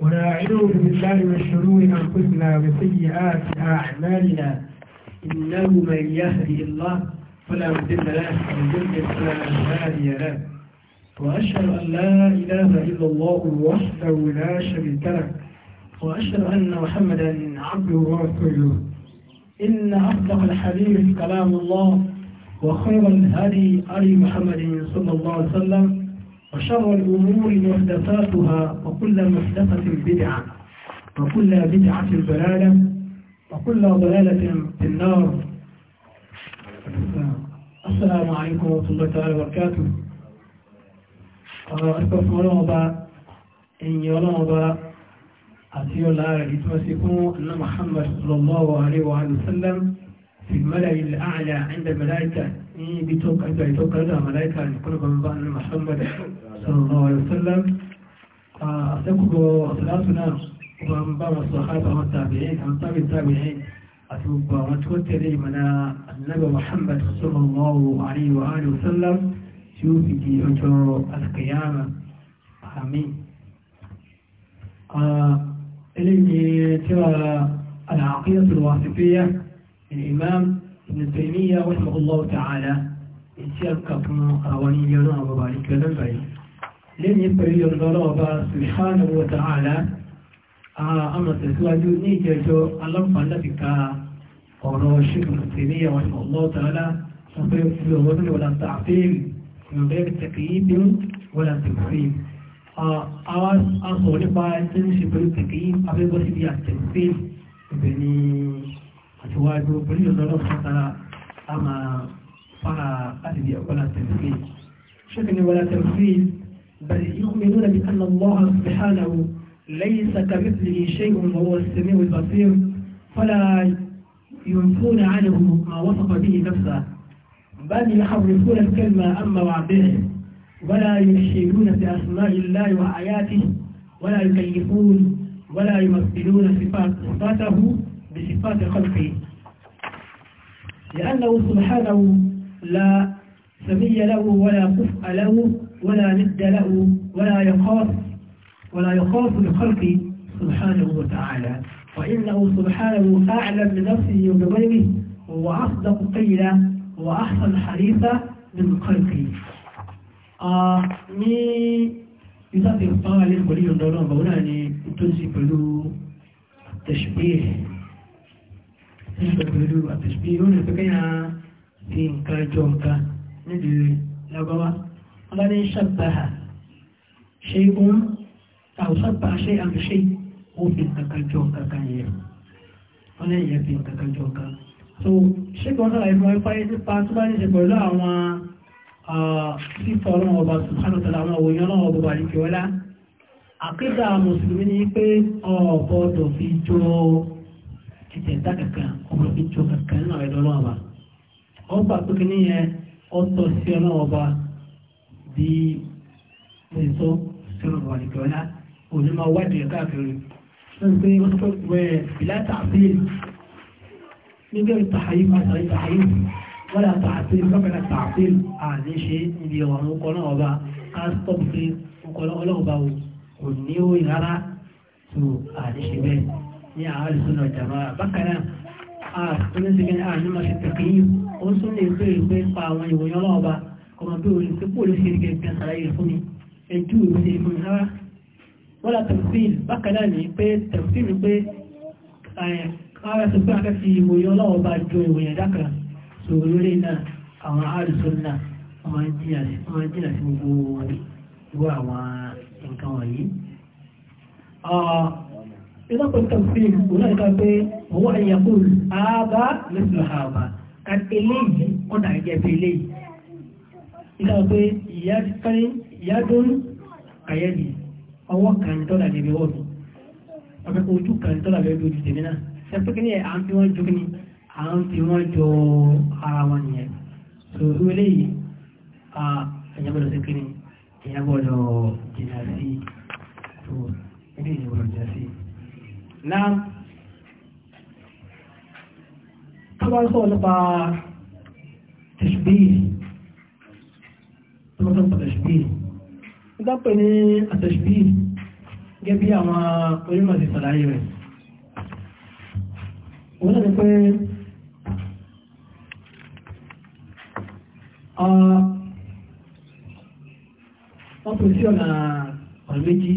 ونعوذ بالله من شرور أنفسنا وسيئات أعمالنا إنه من يهدي الله فلا مضل له ومن يضلل فلا هادي له وأشهد أن لا إله إلا الله وحده لا شريك له وأشهد أن محمدا عبده ورسوله إن أصدق الحديث كلام الله وخير الهدي أري محمد صلى الله عليه وسلم وشر الأمور محدثاتها وكل محدثة بدعة وكل بدعة ضلالة وكل ضلالة في النار السلام عليكم ورحمة الله تعالى وبركاته أشكر الله أبا إن يولاه أبا أتيو الله يتمسكون أن محمد صلى الله عليه وآله وسلم في الملأ الأعلى عند الملائكة بتوقع بتوقع الملائكة أن يكون محمد صلى الله عليه وسلم آه، أتذكر صلاتنا ومن بعض الصحابة والتابعين عن تابع التابعين أتوب وتوتري من النبي محمد صلى الله عليه وآله وسلم شوفي في أجر القيامة آمين آه، إلي ترى العقيدة الواسطية للإمام ابن تيمية رحمه الله تعالى إن شاء الله كفنا أولي يوم وبارك لنا lẹ́yìn pẹ̀lú ọ̀dọ́rọ̀ ọba subhanahu wa ta'ala àmà tẹ̀síwájú ní ìjẹjọ́ aláǹfààní láti ka ọ̀rọ̀ ṣùgbọ́n sí ní àwọn ọ̀lọ́ tààlà wọ́n fẹ́ fi ọ̀rọ̀ ní wọ́n ta àfihàn ìwọ̀n bẹ́ẹ̀ tẹ̀kì yìí bí wọ́n ta tẹ̀sí. àwọn aṣọ nípa ẹni ń ṣe pẹ̀lú tẹ̀kì yìí abẹ́gbọ́ sí bí àtẹ̀sí ibẹ̀ ni àtiwájú pẹ̀lú ọ̀dọ́rọ̀ tààlà بل يؤمنون بأن الله سبحانه ليس كمثله شيء وهو السميع البصير فلا ينفون عنه ما وصف به نفسه بل يحرفون الكلمة عن مواضعه ولا يشهدون في أسماء الله وآياته ولا يكيفون ولا يمثلون صفات صفاته بصفات خلقه لأنه سبحانه لا سمي له ولا كفء له ولا ند له ولا يخاف ولا يخاف الخلق سبحانه وتعالى وإنه سبحانه أعلم بنفسه وبغيره وهو أصدق قيلا وأحسن حديثا من خلقه ní ìsáfẹ́ ìpáwà lè pẹ̀lú ìyọ̀ndọ̀ náà bàwọn náà ni tó sí pẹ̀lú àtẹ̀ṣpẹ́ ẹ̀ṣọ́ pẹ̀lú àtẹ̀ṣpẹ́ ìrọ̀lẹ̀ pẹ̀kẹ́ yà sí nǹkan jọ nǹkan nílùú lágbàwá ọlọ́ni ṣàbáhà ṣe ohun tàùsọ́bà ṣe àmìṣe òfin kàkàjọ kankan yẹ ọlọ́ ìyẹ́ so ṣe gbọ́nà àìfọ́ ipá nípa tó bá ní ṣe pẹ̀lú àwọn fífọ́ ọlọ́run ọba subhanatala àwọn òyìn ọlọ́run ọba àríkẹ́wọ́lá àkídà mùsùlùmí ni pé ọ̀bọ̀dọ̀ fi jọ ìtẹ̀dá kankan ọmọ fi jọ kankan náà ẹ̀dọ́ ọlọ́run ọba ọgbà pé ọtọ̀ sí ọlọ́run bí ẹ̀sọ́ sọ̀rọ̀ àdìgbọ́lá òní máa wádìí ẹ̀ káàkiri wọ́n pé wọ́n tó pẹ̀ ìlà tààfíìl nígbà ìtàhàyí pàtàkì ìtàhàyí wọ́n là tààfíìl kọ́kànlá tààfíìl àní ṣe ibi ọ̀rọ̀ ọkọ̀ náà ọba káàtọ́ pé ọkọ̀ ọlọ́ọ̀ba kò ní ó rárá tó àní ṣe bẹ́ẹ̀ ní àárẹ̀ sọ́nà ìjàmbá bákanáà àtúnṣe kí ní àní máa ṣe tẹ̀kì yìí ó sún lè pé ìpé pa àwọn ìwòyàn ọlọ́ọ̀ba ọmọ bí orin tó pò ló ṣe gẹ̀ gẹ̀ sàlàyé fún mi ẹjú òun ṣe fún mi rárá wọ́n la tẹ̀síìl bákan náà ní pé tẹ̀síìl pé ara sọ pé akẹ́kì ìwòye ọlọ́wọ́ bá jọ ìwòye ẹ̀dá kan so lórí náà àwọn àrùsùn náà wọ́n jìnà sí gbogbo gbogbo àwọn nǹkan wọ̀nyí إذا قلت تفسير هناك هو أن يقول هذا مثل هذا كان إليه قد أجاب إليه ìlà pé ìyádún kàyẹ́dì ọwọ́ kan tọ́lá lè bí ọdún ọ̀pẹ́kọ̀ ojú kan tọ́lá lè bí ojú tèmi náà ṣẹ́pẹ́ kí ní ẹ̀ à ń fi wọ́n jọ kí à ń fi wọ́n jọ ara wọn nìyẹn so ìwélé yìí a ẹ̀yẹ́bọ̀dọ̀ sí kí ni ẹ̀yẹ́bọ̀dọ̀ jìnà sí so ilé ìyẹ́bọ̀dọ̀ jìnà sí náà tọ́bá sọ̀rọ̀ nípa tẹ̀sùbí gbọ́dọ̀ pàtàṣìbí ìdápẹ̀ ní àtàṣìbí gẹ́ bí àwọn onímọ̀ ti sàlàyé rẹ̀ wọ́n lẹ́nu pé wọ́n pè sí ọ̀nà ọ̀rọ̀ méjì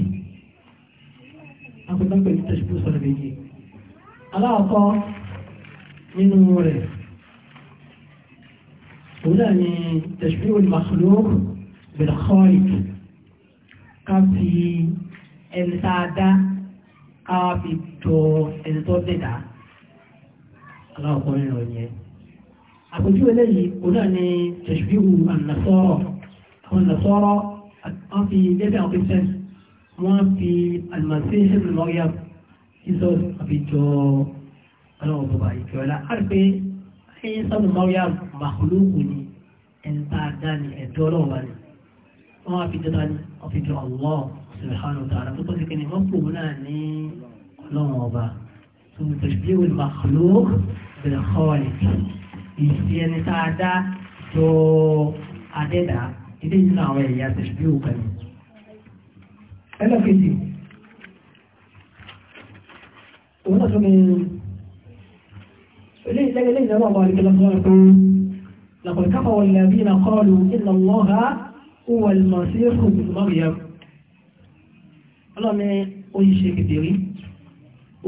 akọ̀dápẹ̀ ní tàṣìbí sọ̀rọ̀ méjì aláàkọ́ nínú rẹ̀ òun náà ni tàṣìbí olùmọ̀sọ̀lọ́rùn bilkhalik ká fi ẹni tá a dá ká fi tọ ẹni tó dẹ̀dá aláwọ̀kọ́ nínú yẹn àpèjúwe lẹ́yìn òun náà ni tẹ̀síwíwù ànàsọ́rọ̀ àwọn ànàsọ́rọ̀ wọ́n fi lẹ́bẹ̀ àwọn christian wọ́n fi àlùmọ̀sí ṣẹ́bùn mọ́ríyàm jesus àbíjọ ọlọ́wọ́ bọ̀bà ìjọba àrùpé ẹ̀yìn sábùn mọ́ríyàm màkúlùkù ni ẹni tá a dá ni ẹ̀dọ́ ọlọ́wọ́ ni wọ́n á fi jẹ́ dání wọ́n fi jọ Allah subhanahu wa ta'ala tó tó ti kí ni wọ́n kò náà ní ọlọ́run ọba tó ń tẹ̀sí wọ́n makhluq bil khaliq ìfi ẹni tá a dá jọ adẹ́dá ilé ìlú àwọn ẹ̀yà tẹ̀sí wọ́n kan ní. ẹlẹ́kẹ̀jì òun náà tó ní ilé ìlẹ́gbẹ̀lẹ́ ìjọba ọba àríkẹ́lẹ́ fún ọ̀rọ̀ pé laqad kafara alladhina qalu inna Allaha huwa al-masihu ibn Maryam ọlọ́ni ó yí ṣe kìdìrí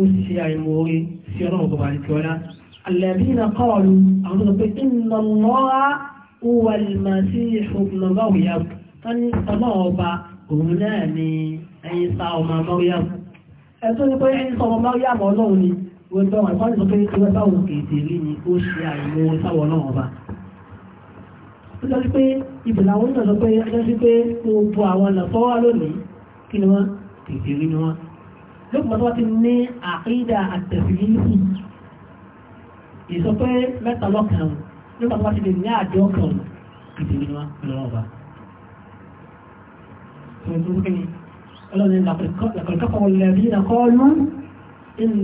ó sì ṣe àìmọ̀ orí sí ọlọ́run bàbá àti ọlá alladhina qalu àwọn ọ̀pẹ inna Allaha huwa al-masihu ibn Maryam pé ẹyin sa ọmọ Maryam ọlọ́run ni wọ́n tọ́ wọn kọ́ tó jẹ́ pé ibìlà wọn náà lọ pé ẹjọ́ sí pé gbogbo àwọn ọ̀nà fọ́wọ́ lónìí kí ni wọ́n tètè rí ni wọ́n lókùnmọ́ tó ti ní àkídà àtẹ̀sílẹ́sì ìsọ pé mẹ́ta lọ́kàn nípa ti lè ní àjọ kan tètè rí ni wọ́n lọ́wọ́ bá ọlọ́run lakọ̀lọ́kọ̀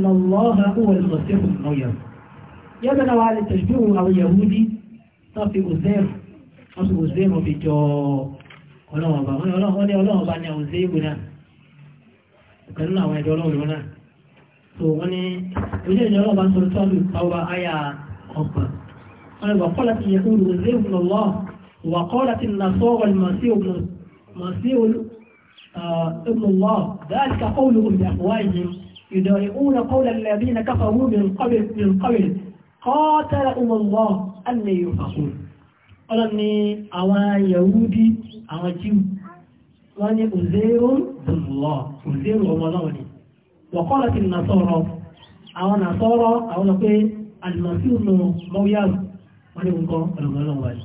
lọ́ha wọ́n lọ́sẹ̀kùn náà yẹ̀rù yẹ́bẹ̀ náà wà lè tẹ̀síwò àwọn yahudi tó fi òsẹ́rù wọ́n sì òṣèré mọ̀ fi jọ ọlọ́wọ̀n bá wọ́n ní ọlọ́wọ̀n bá ní àwọn òṣèré ìbò náà pẹ̀lú àwọn ẹ̀dọ́ ọlọ́wọ̀n lọ́nà tó wọ́n ní òṣèré ìjọ ọlọ́wọ̀n bá sọ ابن الله ذلك قولهم بأفواههم يدعون قول الذين كفروا من قبل من قبل قاتلهم الله أن يفقون ọlọ́run ni àwọn Yahudi àwọn Jíù wọ́n ní òzèrò bùnlọ́ òzèrò ọmọ náà ni wọ̀kọ́lọ̀ ti nàṣọ́rọ̀ àwọn nàṣọ́rọ̀ àwọn lọ pé alìmọ̀sí ònà mọ́wíyàrù wọ́n ní nǹkan ọlọ́run wáyé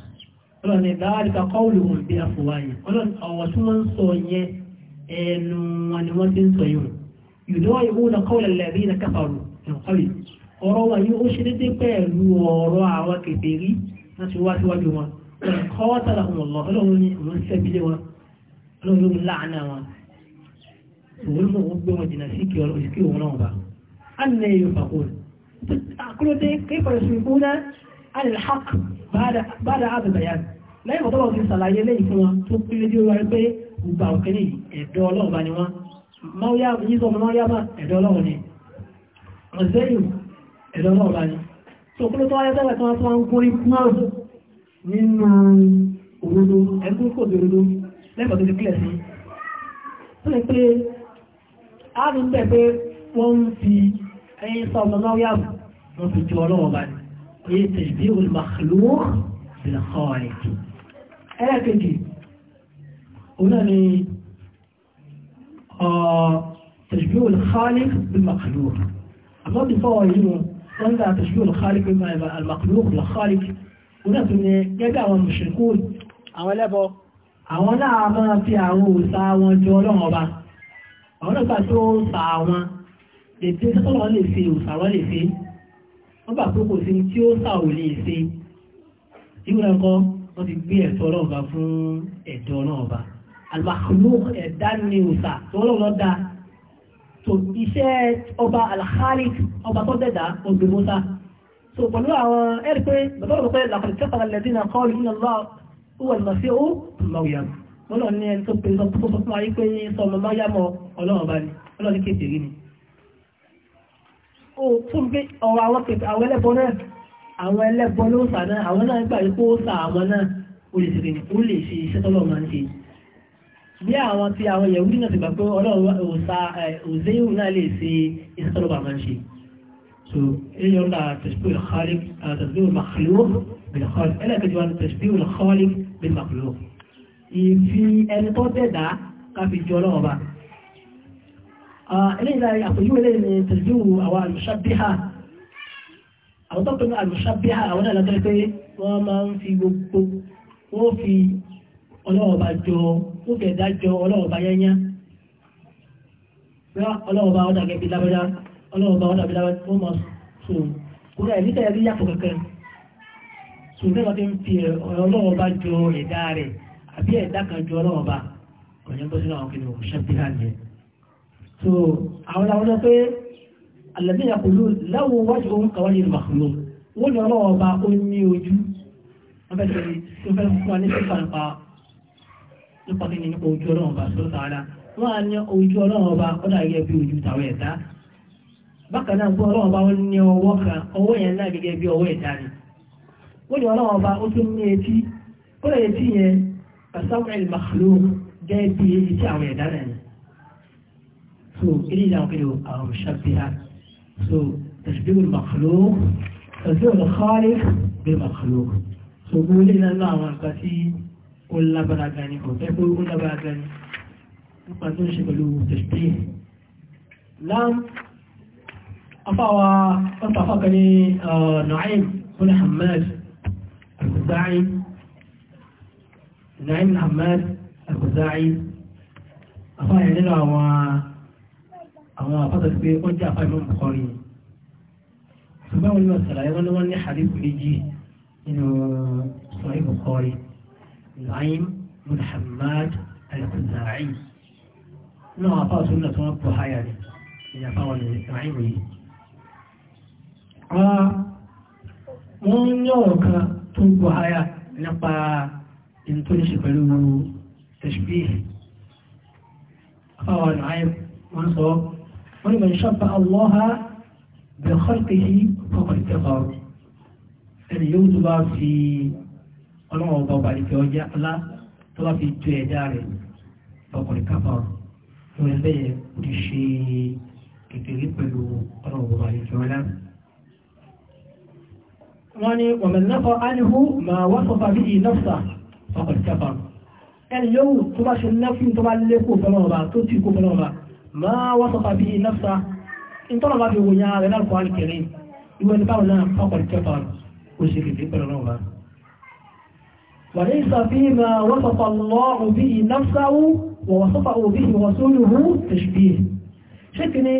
ọlọ́run ni dáadìka kọ́ọ̀lù wọn bí afọwáyé ọlọ́run ọ̀wọ̀ tí wọ́n ń sọ yẹn ẹnu wọn ni ṣe dédé pẹ̀lú ọ̀rọ̀ àwọn kèfèrí láti wá síwájú wọn kọ́ tààrà fún ọlọ́ ọlọ́run ní òun sẹ́bílé wọn ọlọ́run ló ń láàánà wọn òun náà ó gbé wọn jìnnà sí kí ọlọ́run sí kí òun náà bá a nà èyí fàkó àkúróté kéfàrẹ̀ sí ikú náà alìlhaq bá da àbẹ̀ bàyà lẹ́yìn ọ̀tọ́ wọn fi sàlàyé lẹ́yìn fún wọn tó pín lójú wa pé gbogbo àwọn ẹ̀dọ́ ọlọ́run bá ni wọn máwúyá yíṣọ ọmọ máwúyá bá ẹ̀dọ́ ọlọ́run ni ọ̀sẹ́yìn ẹ̀dọ́ ọlọ́run bá ni tòkúrò tó wáyé tẹ́lẹ̀ tó wá nínú òdodo ẹgbẹ́ kò òdodo lẹ́gbàá tó ti kílẹ̀ sí ó lè pé a rí bẹ́ẹ̀ pé wọ́n ń fi ẹyin sọ ọmọ náà yàgò wọ́n fi ju ọlọ́wọ́ bá ní oye tẹ̀sí olùmọ̀kìlúwọ́ ìlàkọ́ àìkú ẹlẹ́kẹ̀kẹ̀ òun náà ni تشبيه الخالق بالمخلوق الله بيصور هنا وانت تشبيه الخالق بما المخلوق للخالق náà tún ní gẹ́gẹ́ àwọn mùsùlùkú àwọn ẹlẹ́bọ àwọn náà máa fi àwọn òòṣà wọn jọ ọlọ́run ọba àwọn náà gbà tó sà wọn lè dé tọ́lọ́ lè fi òòṣà wọn lè fi wọ́n gbà pé kò sí tí ó sà ò lè ṣe ìwúrẹ́ kọ́ wọ́n ti gbé ẹ̀tọ́ ọlọ́run fún ẹ̀dọ́ ọlọ́run ọba ẹ̀dá ni òòṣà tó ọlọ́run tó iṣẹ́ ọba alhalik ọba tó dẹ̀dá ọgbẹ̀mọ́sá so pẹ̀lú àwọn ẹ̀rí pé bàbá pé làkàlì kẹfàlà lẹ́dí náà kọ́ ìlú náà wà lọ́sí ó mọ̀wìyà wọ́n lọ ní ẹni tó pe sọ fún ayé pé sọ ọmọ máa yámọ ọlọ́run bá ní ọlọ́run kéèké rí ni ó tún gbé ọ̀rọ̀ àwọn kéèké àwọn ẹlẹ́bọ náà àwọn ẹlẹ́bọ ló sà náà àwọn náà gbà wípé ó sà àwọn náà so eléyìí náà tẹ̀síbíù al-khaliq tẹ̀síbíù al-makhluq bil-khaliq ẹlẹ́kẹ̀jọ́ tẹ̀síbíù al-khaliq bil-makhluq ìfi ẹni tó dẹ̀dá káfí jọ lọ́wọ́ bá eléyìí náà àpòjúwe lè ní tẹ̀síbíù àwọn al-mushabbiha àwọn tó pẹ̀lú al-mushabbiha àwọn náà lọ́tọ́ pé wọ́n máa ń fi gbogbo wọ́n fi ọlọ́wọ́ bá jọ ó fẹ̀dá jọ ọlọ́wọ́ bá yẹ́yẹ́ ọlọ́wọ́ bá ọdà gẹ́gẹ́ bí lábẹ́dá ọlọ́ọ̀bá wọn àbí láwọn tó mọ̀ so kúrò ẹ̀mí tẹ̀yẹ bí yàtọ̀ kankan so ní wọ́n ti ń fi ọlọ́ọ̀bá jọ ẹ̀dá rẹ̀ àbí ẹ̀dá kan jọ ọlọ́ọ̀bá ọ̀yẹ́ tó sínú àwọn kìnìún ṣẹ́bí hàlẹ́ so àwọn làwọn lọ pé àlẹ́bí yàkùlù láwọn wájú òun kàwá ní ìmàkùlù wọ́n ní ọlọ́ọ̀bá ó ní ojú wọ́n fẹ́ fún wa ní sífà nípa nípa kí ni nípa ojú ọlọ́ọ̀bá sọ́tàlá wọ́n á ní bákan náà gbọ́ ọlọ́wọ́ bá wọ́n ní ọwọ́ kan ọwọ́ yẹn náà gẹ́gẹ́ bí ọwọ́ ẹ̀dá ni wọ́n ní ọlọ́wọ́ bá ó tún ní etí kó lè etí yẹn samuel makhlouk jẹ́ bí etí àwọn ẹ̀dá náà ni so ilé ìlànà kí ló àwọn òṣàbí ha so tashbihu makhlouk tashbihu khaliq bí makhlouk so gbogbo ilé ìlànà àwọn nǹkan tí ó lábára gani kò fẹ́ pé ó lábára gani nípa tó ń ṣe pẹ̀lú tashbih afáwa ọ̀tàfákan ní Nu'aym bin Hammad al-Khuzai Nu'aym bin Hammad al-Khuzai afáyẹ nínú àwọn àwọn àfáta sí pé ó jẹ́ afá Imam Bukhari ṣùgbọ́n wọn ni wọ́n sàlàyé wọn ni wọ́n ní hadith méjì nínú Sahih Bukhari Nu'aym bin Hammad al-Khuzai náà afá sunna tí wọ́n kò háyà ni ìyàfáwọn Nu'aym yìí àwọn wọ́n ní ọ̀rọ̀ kan tó ń bọ̀ háyà nípa in tó ní ṣe pẹ̀lú tashbih afáwọn àyè wọ́n sọ wọ́n ni mẹ́rin ṣọ́pá allọ́ha bẹ̀ kọ́lùkìí fọ́kàn ìtẹ́kọ̀ ẹni yóò tó bá fi ọlọ́wọ́ bá bá ìfẹ́ ọjà alá tó bá fi tu ẹ̀dá rẹ̀ pẹ̀lú ọlọ́wọ́ bá ìfẹ́ wọ́n ní wọ̀mẹ̀lẹ́kọ̀ ánìhù ma wọ́sọ̀fà bí ìnọ́fà ọkọ̀ ìjọba ẹni yóò tó bá ṣe lẹ́fún tó bá lékò fẹ́lọ́ọ̀bá tó tí kò fẹ́lọ́ọ̀bá ma wọ́sọ̀fà bí ìnọ́fà ìtọ́nà bá fi wòyàn rẹ̀ lálùkọ́ alìkẹrẹ ìwé ní báwọn náà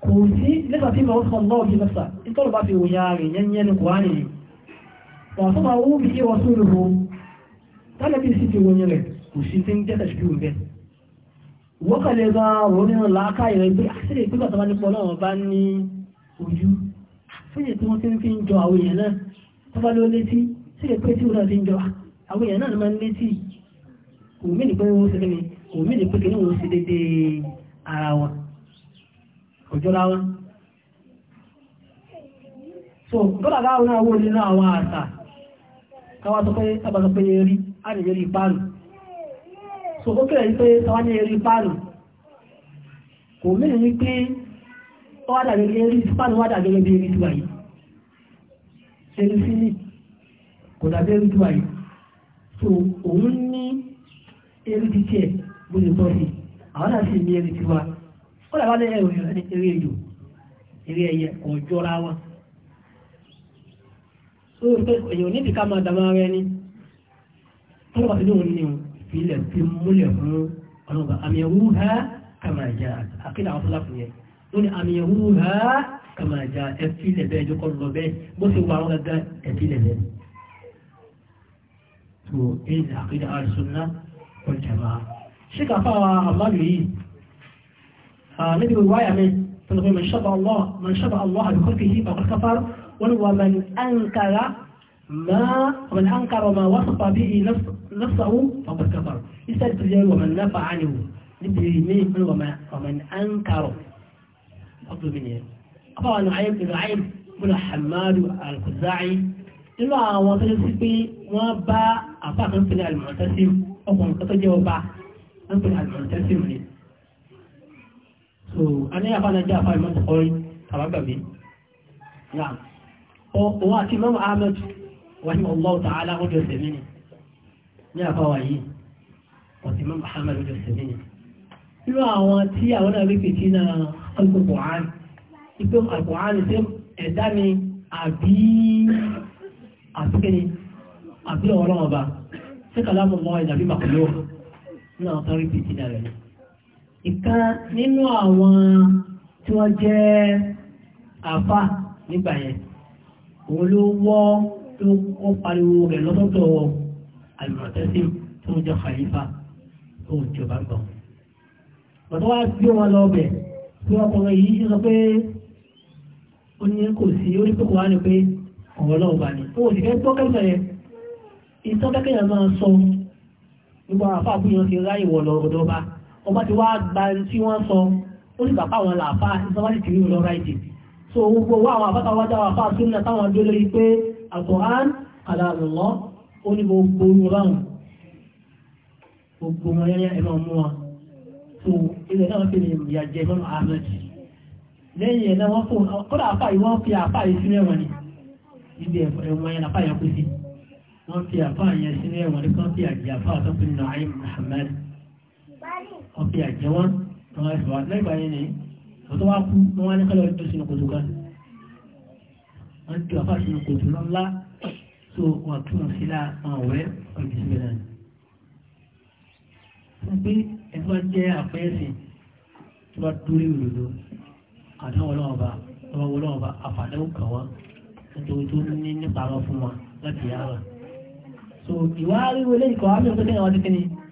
kò sí nígbà tí wọ́n sọ lọ́ọ̀bí mẹ́fà ìtọ́lù bá fi òyà rẹ̀ yẹnyẹ́ ní kòránì ni wọ́n tó máa wú bí kí wọ́n tún lò ó tálẹ́bí sí ti wọ́nyẹ rẹ̀ kò sí tí ń jẹ́ tẹ̀sí kúrò bẹ́ẹ̀ wọ́n kà lè gba ọ̀rọ̀ nínú làákà rẹ̀ pé àṣírí ah, ìpínlẹ̀ tó bá ní pọ̀ náà bá ní ojú fúnyẹ̀ tí wọ́n ti ń fi ń jọ àwọn èèyàn náà tó bá ló létí sí lè pé tí wọ́n ti ń jọ àwọn èèyàn náà ló máa ń létí òmìnir pé wọ́n ṣe òjòra wọn so kọ́lá káwọn náà wó nínú àwọn àṣà káwà tó pé tàbátọ̀ pé yẹrí a lè yẹrí páàlù so ó kẹ́rẹ̀ pé tàwà ní yẹrí páàlù kò mẹ́rin ní pé ó wádà gẹ́gẹ́ yẹrí páàlù wádà gẹ́gẹ́ bí yẹrí tíwáyé yẹrí sí ní kò dàbí yẹrí tíwáyé so òun ní yẹrí títí ẹ̀ bó lè tọ́ sí àwọn àti ní yẹrí tíwáyé ó lè bá lé ẹ̀rọ eré èdò eré ẹyẹ kò jọra wọn ó rí pé èèyàn níbi ká máa dàmọ́ ara ẹni tó lọ́wọ́ sí ní òun ní ìfilẹ̀ fi múlẹ̀ fún ọlọ́gbà àmì ẹ̀wú ha kàmà ìjà àkílà àwọn fúlàfù yẹn ó ní àmì ẹ̀wú ha kàmà ìjà ẹ̀filẹ̀ bẹ́ẹ̀ jókòó lọ bẹ́ẹ̀ bó ṣe wà wọn gángan ẹ̀filẹ̀ bẹ́ẹ̀ to ɗaya da aƙida al-sunna wal jama'a shi ka fawa níbi ìwáyà mi tọ́lọ́fẹ́ man shaba Allah man shaba Allah bi khalqihi faqad kafar wọ́n wà ما ومن أنكر ما وصف به نفسه فقد كفر استدل ومن نفى عنه لبيمين من ومن أنكر أطلب مني أبا نعيم بن عيم بن حماد الخزاعي إلا وتجسبي وبا أفاق نفسنا المعتسم أو أن تتجاوب عن المعتسم so a ní àfáànájá àfáà ìmọ́ta ọ̀rí tàbágbàgbé náà òun àti mọ́mù ahmed wáyé ọlọ́ tààlà ọjọ́ sẹ́mi ni ní àfáwà yìí ọ̀tí mọ́mù ahmed ọjọ́ sẹ́mi ni nínú àwọn tí àwọn náà wípé tí na alkùnkùnrán ipé alkùnkùnrán ní sẹ́m ẹ̀dá ni àbí àbíkẹ́ni ìkan nínú àwọn tí wọ́n jẹ́ àfà nígbà yẹn òun ló wọ́ ló kọ́ pariwo rẹ̀ lọ́sọ̀tọ̀ àlùmọ̀tẹ́sí tó ń jẹ́ khalifa tó ń jọba gbọ̀n bàtọ́ wá gbé wọn lọ bẹ̀ tí wọ́n kọ́ yìí sọ pé ó ní kò sí ó ní pé kò wá ní pé ọ̀rọ̀ náà bá ní ó sì ọba ti wá gba tí wọ́n sọ ó sì bàbá àwọn làáfà ìsọ́wájì kìí lọ ráìtì so gbogbo wá àwọn àbáta wájá wà fáà tún náà táwọn adó lórí pé àkọ́hán àdàlùmọ́ ó ní gbogbo olùrọ̀rùn gbogbo wọn yẹn ẹ̀rọ wọn so ilẹ̀ náà fi lè yà jẹ fún Ahmed lẹ́yìn ẹ̀ náà wọ́n fún kọ́dà àfà yìí wọ́n fi àfà yìí sínú ẹ̀wọ̀n ni ibi ẹ̀wọ̀n yẹn àfà yẹn kú sí wọ́n fi àfà yẹn sínú ẹ̀wọ̀n náà ayé Muhammad ọ̀pẹ̀ àjẹ́ wọn àwọn ẹ̀fọ́ lẹ́gbà yẹn ni ọ̀tọ́ wá kú wọ́n ní kọ́lọ̀ tó sínú kòtò kan wọ́n tó àfà sínú kòtò lọ́lá tó wọ́n tún sí lá àwọn ọ̀rẹ́ ọ̀gbẹ̀sílẹ̀ náà fún pé ẹ̀fọ́ jẹ́ àpẹẹsìn tó bá dúró ìròdó àdáwọ̀ lọ́wọ́ba lọ́wọ́ lọ́wọ́ba àfàdáwọ̀ kan wá nítorí so ìwà ríro lẹ́yìn kọ̀ọ̀wá mẹ́rin tó ní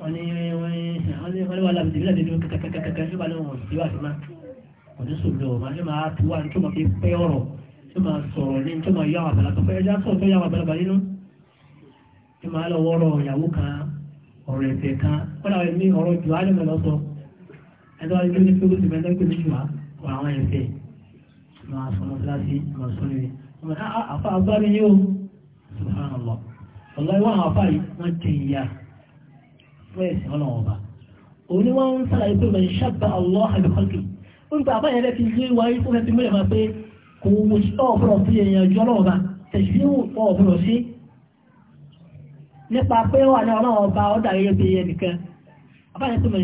wọ́n ní wọ́n wà láti ìbílẹ̀ nínú kẹkẹkẹkẹkẹ ní wàlẹ́ wọn sí wàsí máa kò ní sùn lọ máa ní máa tó wà ní tó máa fi pẹ́ ọ̀rọ̀ tó máa sọ̀rọ̀ ní tó máa yá wà bàlá tó fẹ́ ẹja sọ̀rọ̀ tó yá wà bàlá bà nínú tó máa lọ wọ́rọ̀ ìyàwó kan ọ̀rọ̀ ẹ̀fẹ̀ kan wọ́n náà ní ọ̀rọ̀ jù á lẹ́mọ̀ lọ́sọ ẹjọ́ ilé ní pẹ́kú sí mẹ́ta pẹ̀lú jù á wà àwọn ẹ̀fẹ̀ máa sọ mọ́ síláṣí máa sọ níbi wọ́n máa ah, ah, àfa fún ẹ̀sìn ọlọ́wọ́ bá òun ni wọ́n ń sàlàyé pé wọ́n ṣàbà ọlọ́ àbíkọ́kì ń gba àbáyẹ rẹ̀ fi yé wa yí fún ẹ̀sìn mẹ́rẹ̀ pé kò wò sí ọ̀bọ̀rọ̀ sí èèyàn ju ọlọ́wọ́ tẹ̀sí ọ̀bọ̀rọ̀ sí nípa pé wà ní ọlọ́wọ́ ọ̀dà yẹ bí ẹnìkan àbáyẹ pé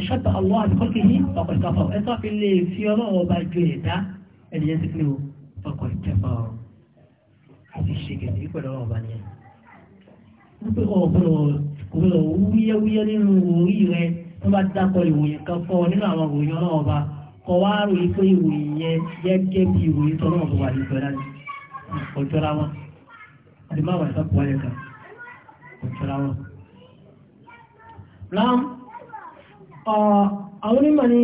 tó gbọ́dọ̀ wúyẹ́wúyẹ́ nínú orí rẹ tó bá dákọ̀ ìròyìn kan fọ́ nínú àwọn ìròyìn ọlọ́run ọba kọ wá ròyìn pé ìròyìn yẹn gẹ́gẹ́ bí ìròyìn tọ́lọ́ ọ̀bọ̀ wà nípa ẹ̀dá ọ̀jọ́ra wọn àti má wà ìsọ́pọ̀ ẹ̀ kan ọ̀jọ́ra wọn. ram àwọn onímọ̀ ni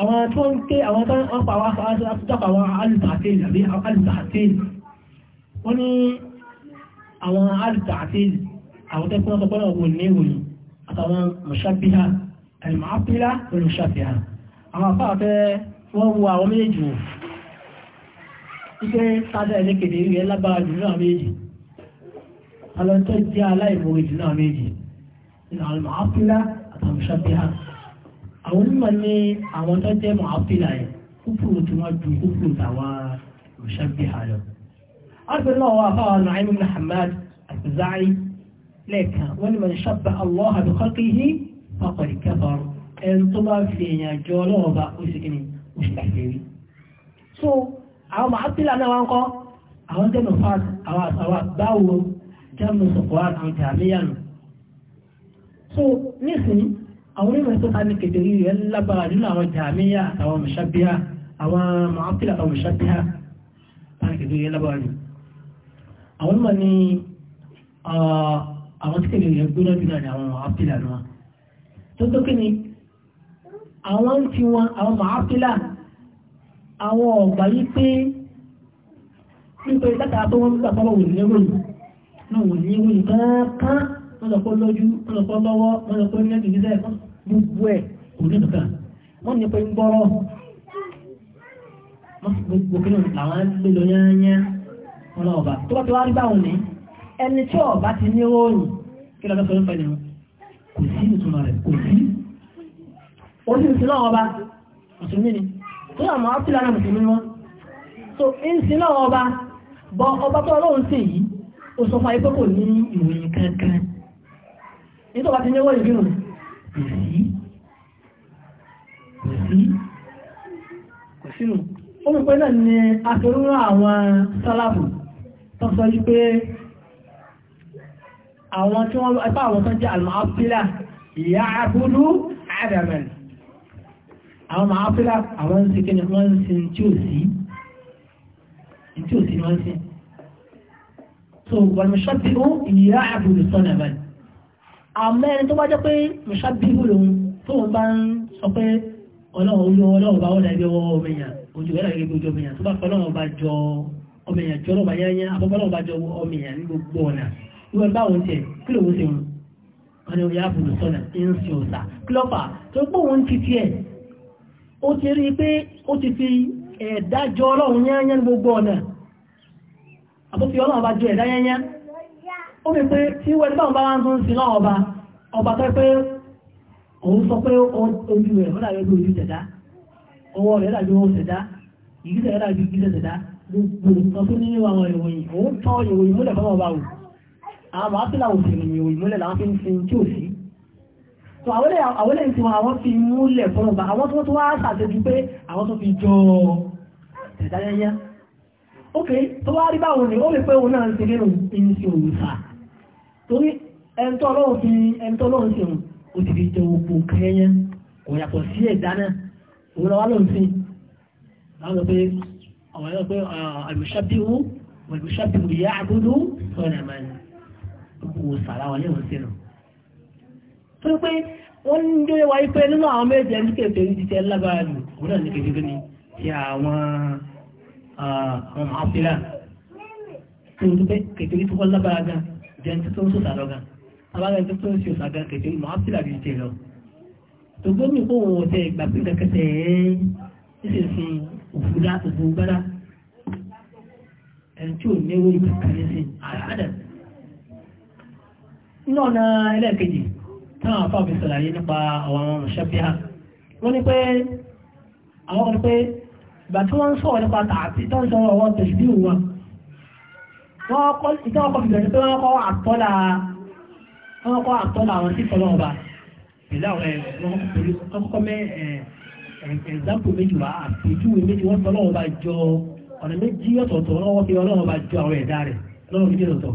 àwọn tó ń ké àwọn tó ń pa wá dápa àwọn alùpàtẹ́lì àbí alùpàtẹ́lì wọ́n ní àwọn alùpàtẹ́lì àwọn tẹ́kọ́ wọn tọ́kọ́ wọn ní ìròyìn àtàwọn mọ̀ṣábíhá ẹ̀lùmọ́ápílá pẹ̀lú ṣàfihà àwọn afá fẹ́ wọ́n wo àwọn méjì wò iṣẹ́ sáájá ilé kèdè rẹ̀ lágbára jù náà méjì alọ́tọ́ jẹ́ aláìmọ̀wé jù náà méjì nínú لك ومن شبه الله بخلقه فقد كفر انطبع فينا جولوبا وسكني مش تحديوي سو عم عطي لنا وانقا عم جمع فات عواص عواص باو جمع سقوات عم تعليا سو نسي أولي لما يسوط عنك تريد يلا بغادينا عم تعليا أو مشبهة أو معطلة أو مشبهة عنك تريد يلا بغادينا أول ما ني آه àwọn tí kìnìún yẹn gbóná jù náà ni àwọn àpìlà náà tó tó kíni àwọn tí wọn àwọn màápìlà àwọn ọ̀gbà yí pé nípa ìtàkà tó wọ́n nígbà pọ́lọ̀ wòlé ròyìn náà wòlé ròyìn kankan wọ́n lọ́pọ̀ lójú wọ́n lọ́pọ̀ lọ́wọ́ wọ́n lọ́pọ̀ ní ẹ̀dùn ìdílé ẹ̀kọ́ gbogbo ẹ̀ kò ní kankan wọ́n ní pé ń gbọ́rọ̀ gbogbo kí làwọn lè lọ yányá wọn lọ́ọ̀bà tó bá ti wá rí báwọn nìyí ẹni tí ọba ti ní ròyìn kí lọ́dọ́ sọ́dún pẹ̀lú kò sí ìtumọ̀ rẹ̀ kò sí ó sì sí náà ọba mùsùlùmí ni tó yà máa fi lára mùsùlùmí wọn so ń sí náà ọba bọ ọba tó ọlọ́run sì yìí ó sọ fún ayé pé kò ní ìròyìn kankan nítorí ọba ti ní ròyìn kírun kò sí kò sí kò sínú ó mú pé náà ni akẹrù àwọn sálàbù tó sọ yí pé àwọn tí wọ́n ẹgbẹ́ àwọn tó jẹ́ al-mu'attila ya'budu adaman àwọn mu'attila àwọn ń sikini wọ́n ń sin tí ò sí tí ò sí ni wọ́n sin so wọ́n mushabbihu ya'budu sanaman àmọ́ ẹni tó bá jẹ́ pé mushabbihu lòun tó ń bá ń sọ pé ọlọ́run ojú ọlọ́run bá wọ́n dàbí ọwọ́ ọmọ èèyàn ojú ẹ̀rọ gẹ́gẹ́ ojú ọmọ èèyàn ìwọ̀n báwọn tẹ̀ kí lòun ṣe wọn wọn ni ó yá bùrù sọ́nà ń sin òòsà kílọ́pà tó pọ̀ wọn ti tiẹ̀ ó ti rí pé ó ti fi ẹ̀dájọ́ ọlọ́run yányán gbogbo ọ̀nà àbúfi ọlọ́run bá jọ ẹ̀dá yányán ó fi pé tí wọ́n báwọn bá wọ́n tún sí náà ọba ọba tó pé òun sọ pé ojú rẹ̀ ó dàbí ojú tẹ̀dá ọwọ́ rẹ̀ dàbí owó tẹ̀dá ìgbésẹ̀ rẹ̀ dàbí ìgbésẹ̀ tẹ̀dá gbogbo nǹkan tó ní àwọn màásílà òsì ìrìnyìn ìmúlẹ̀ làwọn fi ń fi tí ò sí so àwọlé ìtì wọn àwọn fi múlẹ̀ fún ọba àwọn tó tó wá ṣàṣejú pé àwọn tó fi jọ ẹ̀dáyẹyẹ ok tó wá rí báwọn ni ó lè pé òun náà ń ṣe nínú ìṣe torí ẹ̀ńtọ́ ọlọ́run fi ẹ̀ńtọ́ ọlọ́run ó ti fi jẹ gbogbo sàrà wọn léwọ̀n sínú tó pé wọ́n ń gbé wa ipé nínú àwọn méje ẹni kéfèé ní títẹ lágbára jù òun náà ní kéfèé ní ti àwọn ọmọ áfíríà tó tó pé kéfèé tó kọ́ lágbára gan jẹ́ tó ń sòtà lọ́gàn abára ẹni tó ń sì òsàgà kéfèé mọ́ áfíríà bí ti lọ tó gbómi kó wọ́n tẹ ìgbà pé kẹ́kẹ́sẹ̀ nísinsìnyí òfúdá òfúgbádá ẹni inú ọ̀nà ẹlẹ́ẹ̀kejì táwọn afọ́ fi sọ̀làyé nípa àwọn ṣẹ́bíà wọ́n ní pé àwọn kan pé ìgbà tí wọ́n ń sọ̀rọ̀ nípa tààtì tó ń sọ̀rọ̀ ọwọ́ tẹ̀sí bí wọn wọ́n kọ́ ìtọ́wọ́ kọ́ fìbẹ̀rẹ̀ pé wọ́n kọ́ àtọ́là wọ́n kọ́ àtọ́là àwọn sí sọ́lọ́ ọba pẹ̀lú àwọn eh, ọkọ̀ mẹ́ ẹ̀ẹ́dàpọ̀ eh, eh, méjì wá àpèjúwe méjì wọ́n sọ́lọ́ ọba jọ ọ̀nà méjì ọ̀tọ̀ọ̀tọ̀ wọ́n fi ọlọ́run ọba jọ àwọn ẹ̀dá rẹ̀ lọ́rùn méjì ọ̀tọ̀ọ̀tọ̀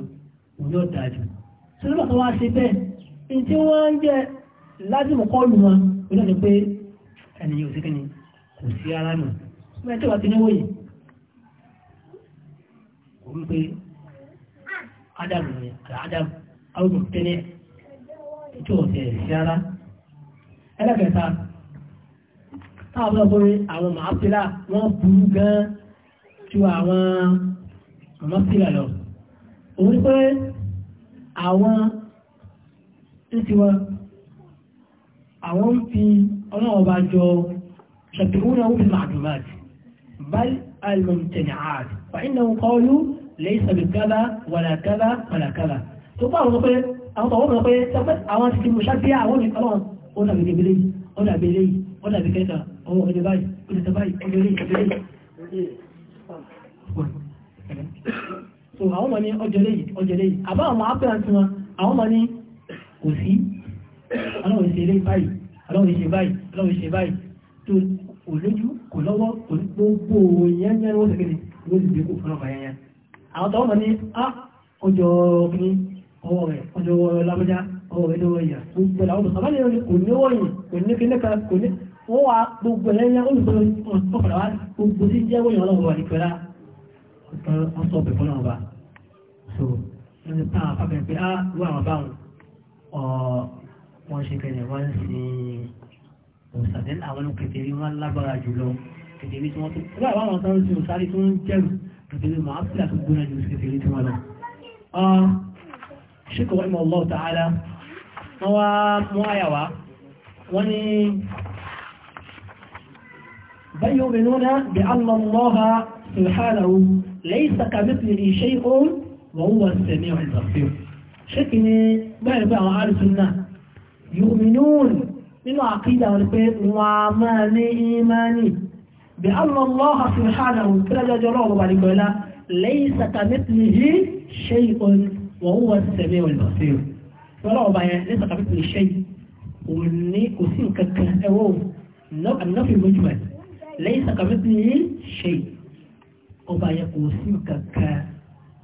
òun yóò dájú tí ó lọ́pàá wá ṣe bẹ́ẹ̀ in tí wọ́n ń jẹ́ lázìmọ̀ kọlù wọn onílẹ̀ ni pé ẹniyàn ò sí kíni kò sí ara nù mẹ́ tí wà ti níwòye kò ń pé adam ni adam áwùjọ tẹ́lẹ̀ tí wọ́n ti ẹ̀ sí ara ẹlẹ́kẹta táwọn ọmọ pé àwọn màápìlà wọ́n burú gan ju àwọn màápìlà lọ òun pé àwọn títíwá àwọn ń fi ọlọ́ọ̀bá jọ ṣàtìwúnà ó fi ma'lumat bal al-mumtani'at fa innahum qalu laysa bi kaza wala kaza wala kaza tó bá àwọn pé àwọn tọ̀wọ́ mọ̀ pé àwọn ti fi mú ṣáàbí àwọn ní ọlọ́run ó dàbí kébélé ó dàbí so àwọn ọmọ ní ọjọ́ lẹ́yìn ọjọ́ lẹ́yìn àbá àwọn apẹ́yà tí wọn àwọn ọmọ ní kò sí aláwọ̀ ìṣe lé báyìí aláwọ̀ ìṣe báyìí aláwọ̀ ìṣe báyìí tó kò lójú kò lọ́wọ́ kò ní gbogbo yẹn yẹn wọ́n sẹ́kẹ̀lẹ̀ ló ti dé kò fún ọba yẹn yẹn àwọn tọ́wọ́ mọ̀ ní á ọjọ́ kí ọwọ́ rẹ̀ ọjọ́ lábẹ́já ọwọ́ rẹ̀ lọ́wọ́ yẹn gbogbo làwọn bọ̀ sábàlẹ̀ yẹn kò ní wọ́yìn kò ní kí nẹ́ka kò ní wọ́n wá gbogbo yẹn yẹn olùkọ́ ọ̀pọ̀lọpọ̀ gbogbo sí jẹ́ wọ́yìn ọlọ́wọ́ wà ní pẹ́lá ọ̀sọ̀ ọ̀pẹ̀ fọ́nà ọba so wọ́n ti tán àpapẹ̀ pé á ah, lú àwọn báwọn wọ́n ṣe kẹ́lẹ̀ wọ́n sí òsàdẹ́ àwọn kẹtẹrí wọ́n lágbára jùlọ kẹtẹrí tí wọ́n tó wà àwọn tán sí òsàrí tó ń jẹ́rù kẹtẹrí ma á fílà tó gbóná jù kẹtẹrí tí wọ́n lọ ṣíkọ̀ wọ́n mọ̀ Allah ta'ala wọ́n wá وهو السميع البصير شكني بعرف عن أهل السنة يؤمنون من عقيدة والبيت وعمان إيماني بأن الله سبحانه وتعالى جلاله بارك ليس كمثله شيء وهو السميع البصير فلا بيان ليس كمثله شيء وإني أسير كالكهوة النفي المجمل ليس كمثله شيء ọba yẹ kò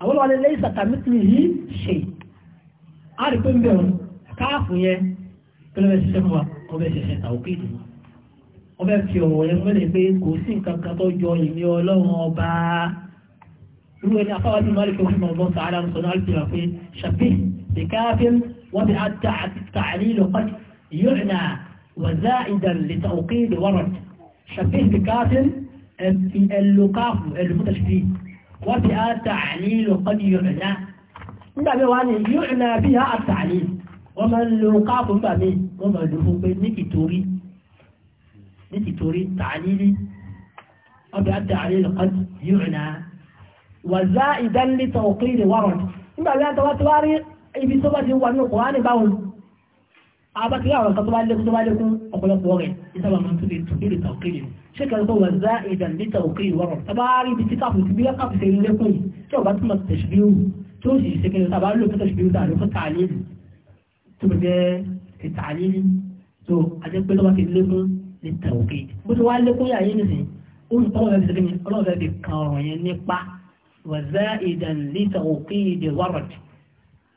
àwọn ọlọ́wà lẹ́lẹ́ ìsàtàmítìlì yìí ṣe á rí pé ń bẹ̀rù káàfù yẹn pẹ̀lẹ́ ṣiṣẹ́ fún wa ọbẹ̀ ṣẹ̀ṣẹ̀ tàwókìtì ọbẹ̀ fi ọ̀wọ̀ yẹn mọ́lẹ̀ pé kò sí nǹkan kan tó jọ ìní ọlọ́run ọba irú ẹni afáwà wọ́n ti á tààlì lọ́kọ́dí yọ̀rọ̀dá nígbà bí wọ́n ní yọ̀rọ̀dá bí á tààlì wọ́n máa ń lo káàbù nígbà mí wọ́n máa lò fún pé ní tìtorí ní tìtorí tààlì rí wọ́n ti á wà zá ìdánilẹ́tọ̀ òkèèrè wárọ̀ nígbà bí ibi tó bá ti wà ní ọkọ̀ wá ní báwọn abakiri àwọn kan tó bá lékún tó bá lékún ọ̀pọ̀lọpọ̀ rẹ̀ ìsábà máa ń tún lè tún lè tà òkèlè ṣé kẹrin tó wà zá ìdàn lítà òkèlè wọ̀rọ̀ tàbá rí ibi tí káàpù ti bí káàpù ṣe lékún tí ọba túmọ̀ tẹ̀síbíù tó sì ṣe kẹrin tàbá lò fún tẹ̀síbíù tàbí fún tààlílì tó bẹ jẹ́ ìtààlílì tó àti pé lọ́ba ti lékún lè tà òkèlè bó ti wá lékún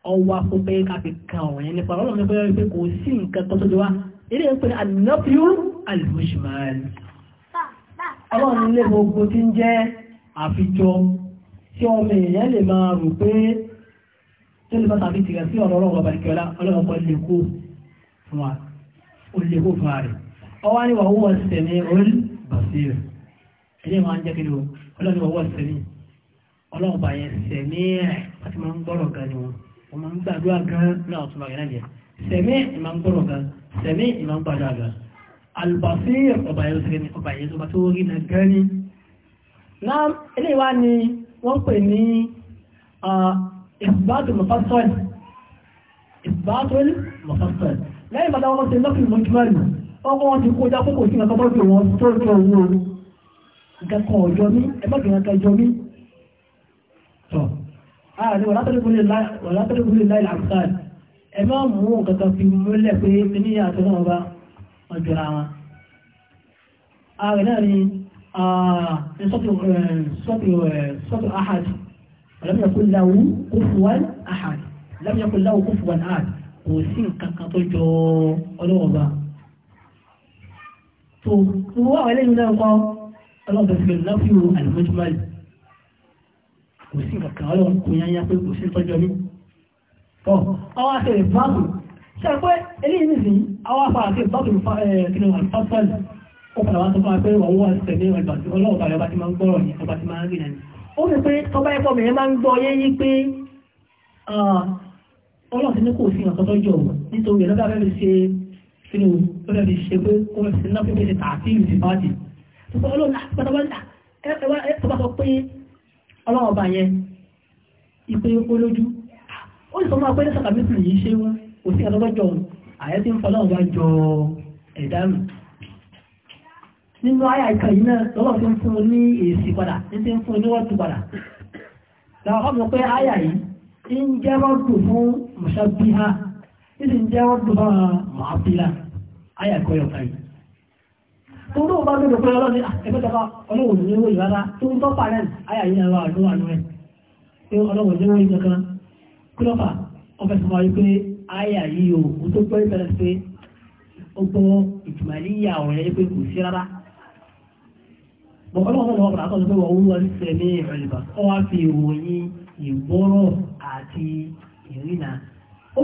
ọwá kó pé káfí kan ọ̀rọ̀ yẹn nípa ọlọ́run nípa pé kò sí nǹkan tó tóbi wá eré ń pè ní anafiu alimushmal ọlọ́run lé gbogbo tí ń jẹ́ àfijọ tí ọmọ èèyàn lè máa rò pé tí ó lè máa tàbí tìrẹ sí ọ̀rọ̀ ọlọ́run ọba ìkẹ́ọ́lá ọlọ́run ọkọ̀ lè kó fún wa ó lè kó fún wa rẹ̀ ọwá ni wà ó wọ́n sẹ̀mí orí basir ẹ̀yẹ́ máa ń jẹ́ kí ni o ọlọ́run wà ó wọ́n sẹ̀mí ọlọ́run bá yẹn sẹ̀mí rẹ̀ àti máa ń gbọ́rọ̀ gan ni wọn o máa ń gbàdúrà gan náà tó máa yẹn náà yẹ sẹ̀mí ìmọ̀ ń gbọ́rọ̀ gan sẹ̀mí ìmọ̀ ń gbàdúrà gan albasir ọba yẹn sẹ́ni ọba yẹn sọba tó rí na gan ni. náà eléyìí wá ní wọ́n pè ní ìbátò mọ̀fásọ́l ìbátò mọ̀fásọ́l lẹ́yìn bàtà wọn ṣe lọ́kì mọ́júmọ́lù ọkọ̀ wọn ti kó já kókò sí ọkọ̀ bọ́ọ̀dù wọn tó rí owó ìkẹ́kọ̀ọ́ ọjọ́ mi ẹgbẹ́ ààrẹ wàlátọ́lẹ́kùnlé láì àmsáàlì ẹ máa mú nǹkan fi múlẹ̀ pé mi ní àtọ́ náà bá ọjọ́ra wọn ààrẹ ah, náà ni ah, eh, eh, sọ́tù ahad ọ̀lọ́mìyàkùn láwú kúfùwán ahad ọ̀lọ́mìyàkùn láwú kúfùwán ahad kò sí nǹkan kan tó jọ ọlọ́wọ́ba tó wọ́n àwọn ẹlẹ́yìn náà kọ́ ọlọ́bẹ̀fẹ̀ lọ́fíù àlùmọ́júmọ́lì kò sí kankan ọlọ́run kò yán yá pé kò sí tọ́jọ́ ní tọ́ àwọn àti ìbáàbù ṣe pé eléyìí nìsín àwọn afa àti ìbáàbù kìnnà alfáfáàlì ó padà wá tó fún wa pé wọ́n wá tẹ̀lé ọlọ́run bàrẹ̀ ọba ti máa ń gbọ́rọ̀ ní ọba ti máa ń rìn ẹni ó fi pé tọ́ba ẹ̀kọ́ mi máa ń gbọ́ yé yí pé ọlọ́run ti ní kò sí kankan tọ́jọ́ nítorí ẹ̀lọ́gà fẹ́ fi ṣe sínú lọ́dẹ̀ fi ọlọ́ọ̀bà yẹn ìpé olójú ó sì sọ máa pẹ́ yìí ṣe wọ́n kò sí àtọ́lọ́jọ́ àyẹ́ tí ń fọlọ́ọ̀bà jọ ẹ̀dánù nínú ayà ìkà yìí náà lọ́wọ́ tí ń fún ní èsì padà tí ń fún ní wọ́tù padà láwọn ọmọ pé ayà yìí ń jẹ́ tó tó bá gbẹ̀dọ̀ pé ọlọ́ni ẹgbẹ́jọba ọlọ́wọ̀ ní owó ìrara tó ń tọ́pà rẹ̀ ayà yìí àwọn àdó àdó rẹ̀ pé ọlọ́wọ̀ ní owó ìkankan kí lọ́pà ọfẹ́ sọmọ yìí pé ayà yìí o kò tó pẹ́ bẹ̀rẹ̀ pé ó gbọ́ ìjùmọ̀lẹ́yà ọ̀rẹ́ yìí pé kò sí rárá. bọ̀kọ́lọ́wọ́ náà wọ́n pàtàkì pé wọ́n wúwo sẹ́mi ìrìnbà ó wá fi ìròyìn ìgbọ́rọ̀ àti ìrìnà ó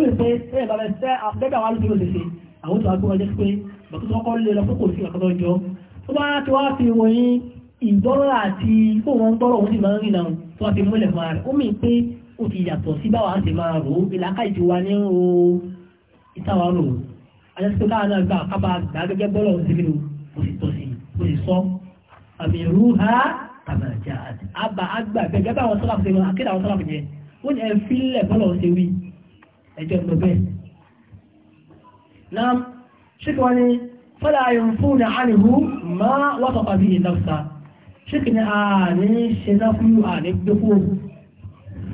lè pé ẹ bàtúkọ́kọ́ lè lọ fún kò sí àkọ́tọ́ jọ tó bá ti wá fi wọ̀nyí ìdọ́rọ̀ àti fóòwọ́n tọ́rọ̀ òun sì máa ń rìn náà tó wá fi múlẹ̀ fún ààrẹ ó mì pé ó ti yàtọ̀ sí báwa ṣe máa rò ó ìlàkà ìjọwa ní o ìtawà rò ó ajásí pé káwọn náà gbà kábà gbà gẹ́gẹ́ bọ́lọ̀ sí ṣíkì wọ́n ni fọ́lá ayọ̀n fún àníhù má wọ́pàpà bí i náfà ṣíkì ni a ní ṣe náfúyù a ní gbé fún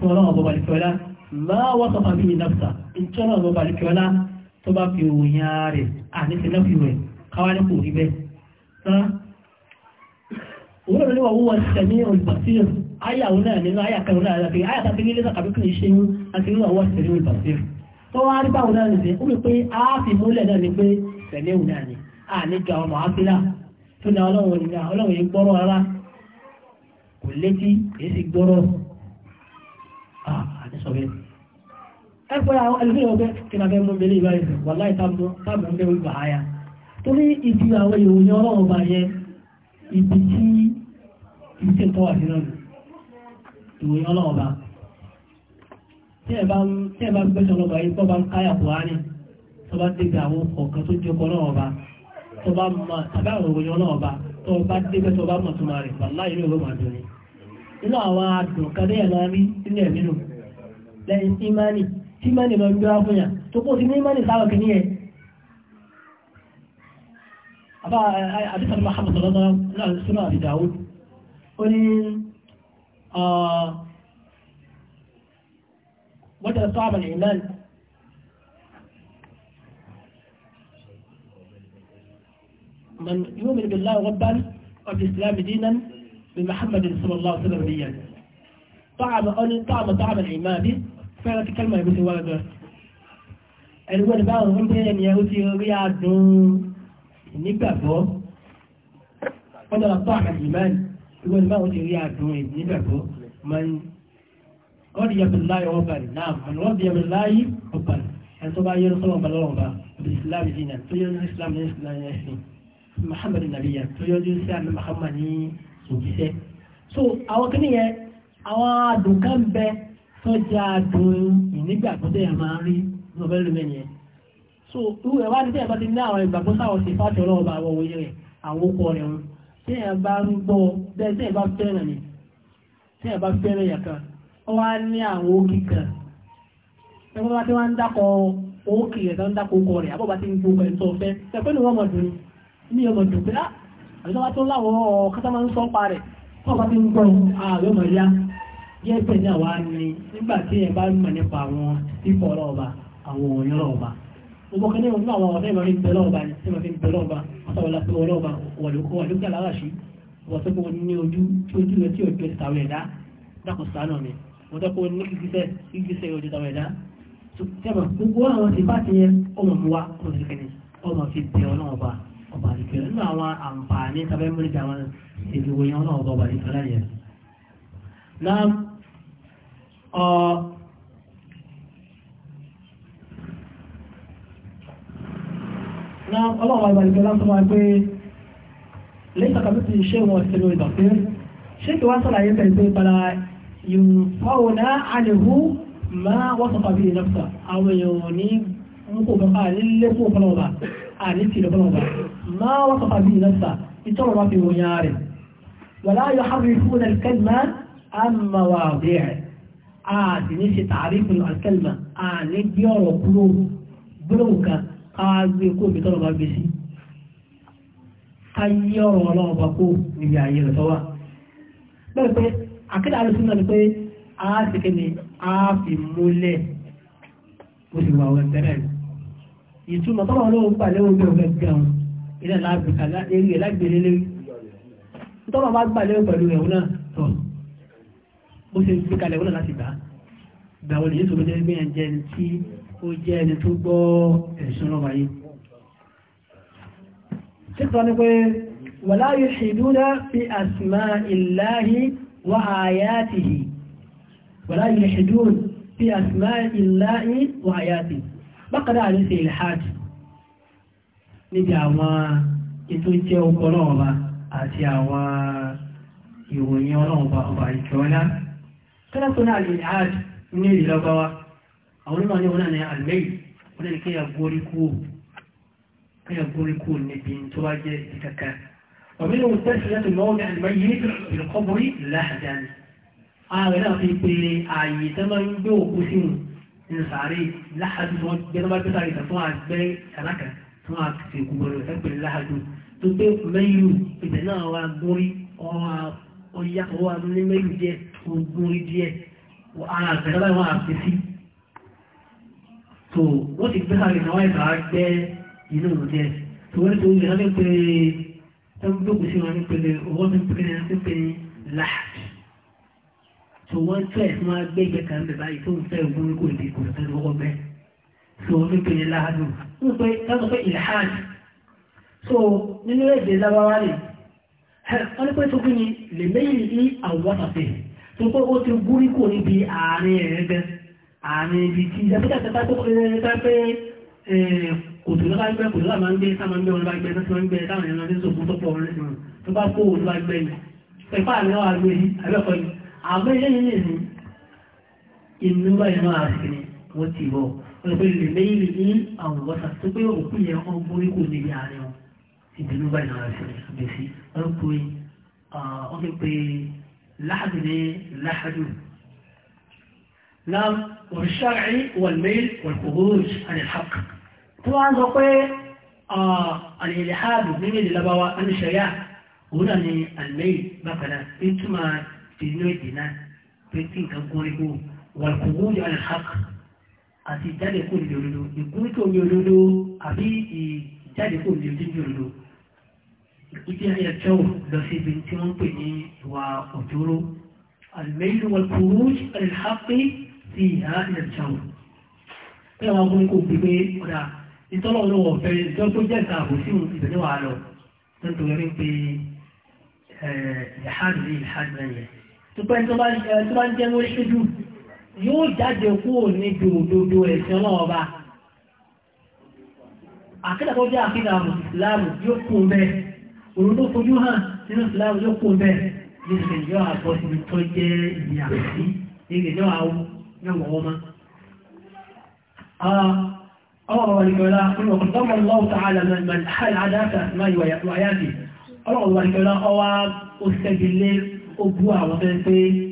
ọlọ́wọ́ bọ̀bà ìkẹ́ọ́lá má wọ́pàpà bí i náfà ìtọ́nà bọ̀bà ìkẹ́ọ́lá tó bá fi òyìn rẹ̀ a ní ṣe náfúyù rẹ̀ káwá ní kò rí bẹ́ẹ̀ wọ́n ni wọ́n wọ́n sẹ̀mí olùbàṣír ayàwó náà nínú ayàkan náà láti ayàta fi pẹ̀lú èwù náà ni a níjọ àwọn mọ̀háfílà tó ní ọlọ́run ní ọlọ́run yìí gbọ́rọ̀ rárá kò létí èyí gbọ́rọ̀ àdẹ́sọ̀rẹ́ gbọrọ esi gbọrọ a tó bá débi àwọn ọ̀kan tó jẹ́ ọkọ̀ náà ọba tó bá mọ tàbí àwọn òròyìn náà ọba tó bá débẹ̀ tó bá mọ̀ tó máa rìn pàlá ìlú ìwé màá dùn nínú àwọn adùn kadé ẹ̀ máa rí nínú ẹ̀mí nù lẹ́yìn tí mánì tí mánì tó kó ti ní mánì sáwọn kìíní yẹn àbá من يؤمن بالله ربا وبالاسلام دينا بمحمد صلى الله عليه وسلم طعم أول طعم طعم العماد فعلا تكلمة يقول سوى ذلك الوان بعض غنبين أن يهوتي رياضون نبابو قدر طعم الإيمان الوان بعض رياضون نبابو من رضي بالله ربا نعم من رضي بالله ربا أن تبعي رسول بالله ربا بالإسلام دينا تبعي الإسلام دينا muhammadu nabiya tó yọjú sí àmì muhammad ní òjíṣẹ́ so àwọn kìíní yẹn àwọn adùn kan bẹ tó jẹ adùn ìnígbàgbọ́ tó yẹn máa rí lọ́bẹ̀ lómi yẹn so irú ẹ̀ wá ní tẹ́yẹ̀ bá ti ní àwọn ìgbàgbọ́ sáwọn ti fàtì ọlọ́wọ́ bá wọ́n wọ́n rẹ̀ àwọn okọ̀ rẹ̀ wọn tẹ́yẹ̀ bá ń gbọ́ bẹ́ẹ̀ ni tẹ́yẹ̀ bá fẹ́ràn yà kan ó wá ní àwọn òkè kan ẹgbẹ́ bá ti wá ń dákọ̀ òkè rẹ̀ tó ń ń gbó pẹ̀lú tó fẹ́ tẹ́pẹ́ ni wọ́n mọ̀ dùn ní ọmọ ìdùn pé á àjọba tó láwọn kátà máa ń sọ pa rẹ̀ wọ́n bá ti ń gbọ́ ààrẹ ọmọ ìyá yẹ́ pẹ̀ ní àwa ni nígbà tí ẹ bá mọ̀ nípa àwọn ipò ọ̀rọ̀ ọba àwọn òyìn ọ̀rọ̀ ọba gbogbo kan nínú àwọn ọ̀rẹ́ ìmọ̀rin bẹ̀rẹ̀ ọba ni tí wọ́n fi ń bẹ̀rẹ̀ ọba ọ̀sọ̀wọ̀lá pé ọ̀rọ̀ ọba wọ̀lúkẹ́ aláràṣí wọ́sọ́pọ̀ ní ojú tí ojú rẹ̀ tí ọjọ́ ìtàwé ẹ̀dá dákùn sánà mi wọ́sọ́pọ̀ ní ìgbésẹ̀ ìgbésẹ̀ ọba àdìkẹ́ nínú àwọn àǹfààní tàbí mẹ́rin àwọn ìdìbò yẹn náà ọba àdìkẹ́ láyẹ̀ náà ọ náà ọlọ́wọ́ àdìkẹ́ láti máa gbé lẹ́yìn tàbí ti ṣé wọn sínú ìdọ̀tí ṣé kí wọ́n sọ̀rọ̀ ayé pẹ̀lú pé padà yìnbọ̀wọ̀ná àlèhù máa wọ́n sọ̀tọ̀ bí ìlọ́pùtà àwọn èèyàn ní mú kò bọ́ máa wọ́sọ̀fà bí ìlẹ́sà ìtọ́rọ̀ wá fi ròyìn rẹ̀ wàlá yóò hàbí fún alkalma àmàwà bẹ̀rẹ̀ a sì ní ṣe tààrífin alkalma a ní gbé ọ̀rọ̀ kúrò gbólóhùn kan ká gbé kó mi tọ́rọ̀ bá gbé sí ká yí ọ̀rọ̀ ọlọ́run bá kó níbi ààyè rẹ̀ tọ́wà bẹ́ẹ̀ pé ni pé a sì kí ni a fi múlẹ̀ ó sì wà wẹ̀ bẹ̀rẹ̀ ìtumọ̀ tọ́rọ̀ ọlọ́run gbà lẹ́wọ̀n bí ọ̀gá gbẹ̀rún ilẹ̀ láàbùkà eré ẹ̀ lágbèrè lérí tọ́lọ̀ bá gbà lẹ́rù pẹ̀lú ẹ̀hún náà tọ̀ ó ṣe gbé kalẹ̀ ẹ̀hún láti gbà gbà wọlé yóò sọ̀rọ̀ jẹ́ ẹni ẹni tí ó jẹ́ ẹni tó gbọ́ ẹ̀sùn lọ́wọ́ ayé títọ́ ni pé wà láyé ṣìdúnà fi àsìmá ìláhí wà àyátìhì wà láyé ṣìdún fi níbi àwọn ètò jẹ́ ọkọ̀ ọlọ́ọ̀ba àti àwọn ìròyìn ọlọ́ọ̀ba ọba ìjọ́lá tẹ́lẹ̀tọ́nà alìhàd ní ìlọ́gbáwá àwọn onímọ̀ ní ọ̀nà ní alìmẹ́yì wọ́n ní kéyà górí kúrò níbi tó wá jẹ́ ìkàkà ọ̀mílò tẹ́sílẹ̀tì mọ́wọ́n alìmẹ́yì ìrọ̀kọ́bùrí láàdáni ààrẹ náà fi pé ààyè tẹ́lọ́ ń fún àti ìkúgbọ̀rọ̀ ẹgbẹ̀rẹ̀ láàájú tó pé mẹ́yù ìbẹ̀ náà wà gúnrí ọya ọwà ní mẹ́yù díẹ̀ gúnrí díẹ̀ ara àgbẹ̀rẹ̀ láwọn àti sí tó wọ́n ti gbé àrẹ̀ náà ìbá gbẹ́ inú díẹ̀ tó wọ́n tó yẹ láti pé ẹgbẹ́gbẹ́ sí wọn pé owó tó pé láti pé láàájú tó wọ́n tẹ̀ fún agbẹ́gbẹ́ kan bẹ̀ báyìí tó ń so olókèlè láàánú wọ́n pẹ́ ilhad so nínú èdè lábáwá rẹ̀ wọ́n ní pẹ́ tó kún ní lè mẹ́yìn ní àwọ́sàfẹ́ tó pé ó ti gúrí kò níbi àárín ẹ̀rẹ́gẹ́ àárín ibi tí ìjàpítàtàtà tó kún ní pẹ́ kòtò lọ́ba gbẹ́ kòtò lọ́ba ń gbé sáma ń gbé wọn bá gbẹ́ sáma ń gbé táwọn èèyàn ní sòkú tó pọ̀ wọn lẹ́sìn wọn tó bá kó wọn bá gbẹ́ yìí pẹ̀pá àmì náà àgbé yìí àbẹ́kọ̀ yìí àbẹ́ ilé yìí nìyí inú báyìí náà àṣìkiri wọ́n ti bọ̀ ìpele méjì ní àwọ̀wọ́ta tó pé òkú yẹ kọ́ borí kò níbi ààrẹ wọn ìbínú báyìí náà rẹ̀ fẹ́ sí wọ́n pe wọ́n fi pe láàbì ní láàdù láàm òṣìṣàrí wàlmẹ́lì wàlkòhóòj àdìhàk tó wá ń sọ pé àlèlèhàdù nínú èdè labawa àníṣẹ́yà òun náà ni àlmẹ́lì bákanáà nítumà ìdínú èdè náà pé tí nǹkan gúnrígún wàlkòhóòj àdìhàk àti ìjáde kò ní òdodo ìkúrí tó ní òdodo àbí ìjáde kò ní òdodo òdodo ìdí ayé ẹjọ́ lọ sí ibi tí wọ́n pè ní ìwà òjòrò àlùmẹ́lú wọn kò rú ẹ̀lẹ́hàpé sí ìhà ẹjọ́ pé àwọn akọni kò gbé ọ̀dà ìtọ́lọ̀ olówó jẹ́ ìta àbòsí ìbẹ̀rẹ̀ yóò jáde kúrò níbi òdodo ẹ̀sìn ọlọ́wọ́ bá àkídà tó jẹ́ àkídà ìsìláàmù yóò kú bẹ́ òun tó fojú hàn nínú ìsìláàmù yóò kú bẹ́ nígbè yọ àbọ̀ síbi tó jẹ́ ìyà sí nígbè yọ àwọ yọ̀wọ̀ ọmọ ọmọ ah, bàbá nìkọlá nínú ọkùnrin tọ́mọ lọ́wọ́ tààlà mẹ́rin hàlì àdáta máa yọ àyàtì ọmọ bàbá nìkọlá ọwá ó sẹ́gi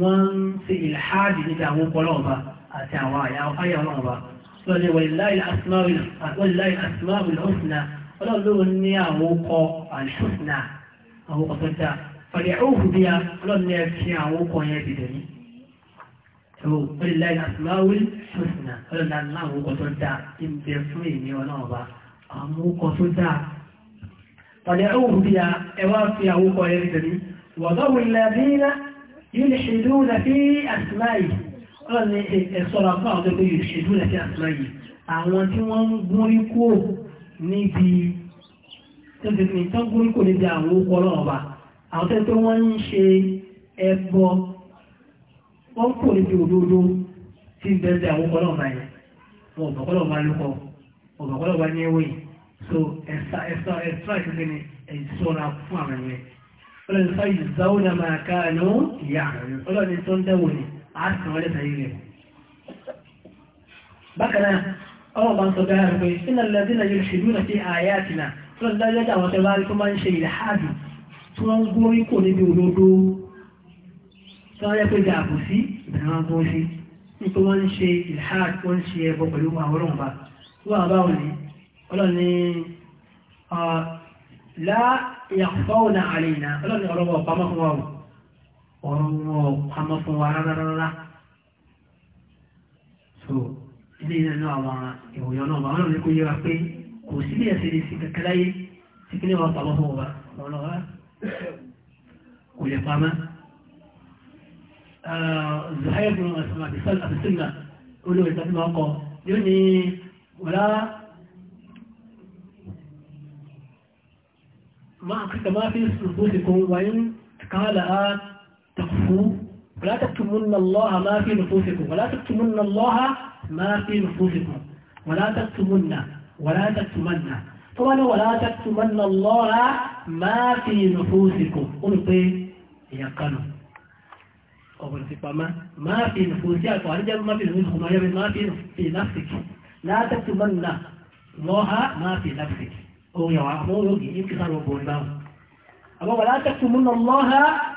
wọ́n ń ṣe ìlhádì níbi àwọn ọpọlọ́ọ̀bá àti àwọn àyà ọlọ́ọ̀bá lọ́lẹ̀ walillahi asmaul husna ọlọ́ọ̀lọ́wọ́ ní àwọn ọkọ̀ alhusna àwọn ọkọ̀ tó dáa fàlẹ̀ òhù bí i ọlọ́ọ̀ni ẹ fi àwọn ọkọ̀ yẹn ti dẹ̀ ní ẹ̀wọ̀ walillahi asmaul husna ọlọ́ọ̀ni àwọn ọkọ̀ tó dáa ti ń bẹ fún èmi ọlọ́ọ̀bá àwọn ọkọ̀ tó dáa fàlẹ̀ òhù bí i ẹwà fi àwọn ọkọ̀ yẹn ti dẹ̀ ní wọ́n يلحدون في أسمائه ọlọ́run ní ẹ̀sọ́ra fún àwọn ọjọ́ pé ìṣèlú ẹ̀sẹ̀ àtìláyè àwọn tí wọ́n ń gúnrí kó níbi tó ń gúnrí kó níbi àwọn okọ ọlọ́run ọba àwọn tẹ́ tó wọ́n ń ṣe ẹbọ wọ́n kò níbi òdodo tí ń bẹ́ẹ̀ àwọn okọ ọlọ́run báyẹn wọn ọ̀bọ̀ ọlọ́run bá lókọ ọ̀bọ̀ ọlọ́run bá ní ẹwẹ́ so ẹ̀sọ́ ẹ̀sọ́ ẹ̀sọ́ ìṣẹ́gbẹ́ni ẹ̀sọ́ra fún àwọn ẹ̀yẹn ọlọ́ni sọ ìzọ́wọ́nà máa káàánú ìyá ọlọ́ni tó ń dẹ̀wò ní àásìkò wọlé sàyé rẹ̀ bákanáà ọlọ́ba ń sọ gáyà rẹ̀ pé iná lẹ́dínà yóò ṣe lúnà sí ààyè àtìnà ọlọ́ni dájọ́jà àwọn tẹ́lá tó máa ń ṣe ìlàhádù tí wọ́n ń gbórí kò níbi òdodo láà ìyàfọ́ọ̀nà àrìnà ọlọ́ni ọ̀rọ̀ ọ̀pamọ́ fún wa ọ̀rọ̀ ọ̀pamọ́ fún wa rárá so ilé ìrìnà àwọn ìwòyàn náà wọn lè kó yẹra pé kò sí bí ẹ̀sẹ̀ lè fi kẹ̀kẹ́ láyé tí kí ní wọ́n pamọ́ fún wa ọlọ́rọ̀ kò lè pamọ́ zuhair bin asma bisal abisunna olóòtú àti mọ́kọ yóò ní wọ́lá ما في نفوسكم وإن قالها تخفوا ولا تكتمن الله ما في نفوسكم ولا تكتمن الله ما في نفوسكم ولا تكتمن ولا تكتمن طبعا ولا تكتمن الله ما في نفوسكم قلت طيب. يقنوا أقول في فما ما في نفوسك وأرجع ما في نفوسكم ما في نفسك لا تكتمن الله ما في نفسك هو يوعب موجي يمكن أن أقول لا تكتمون الله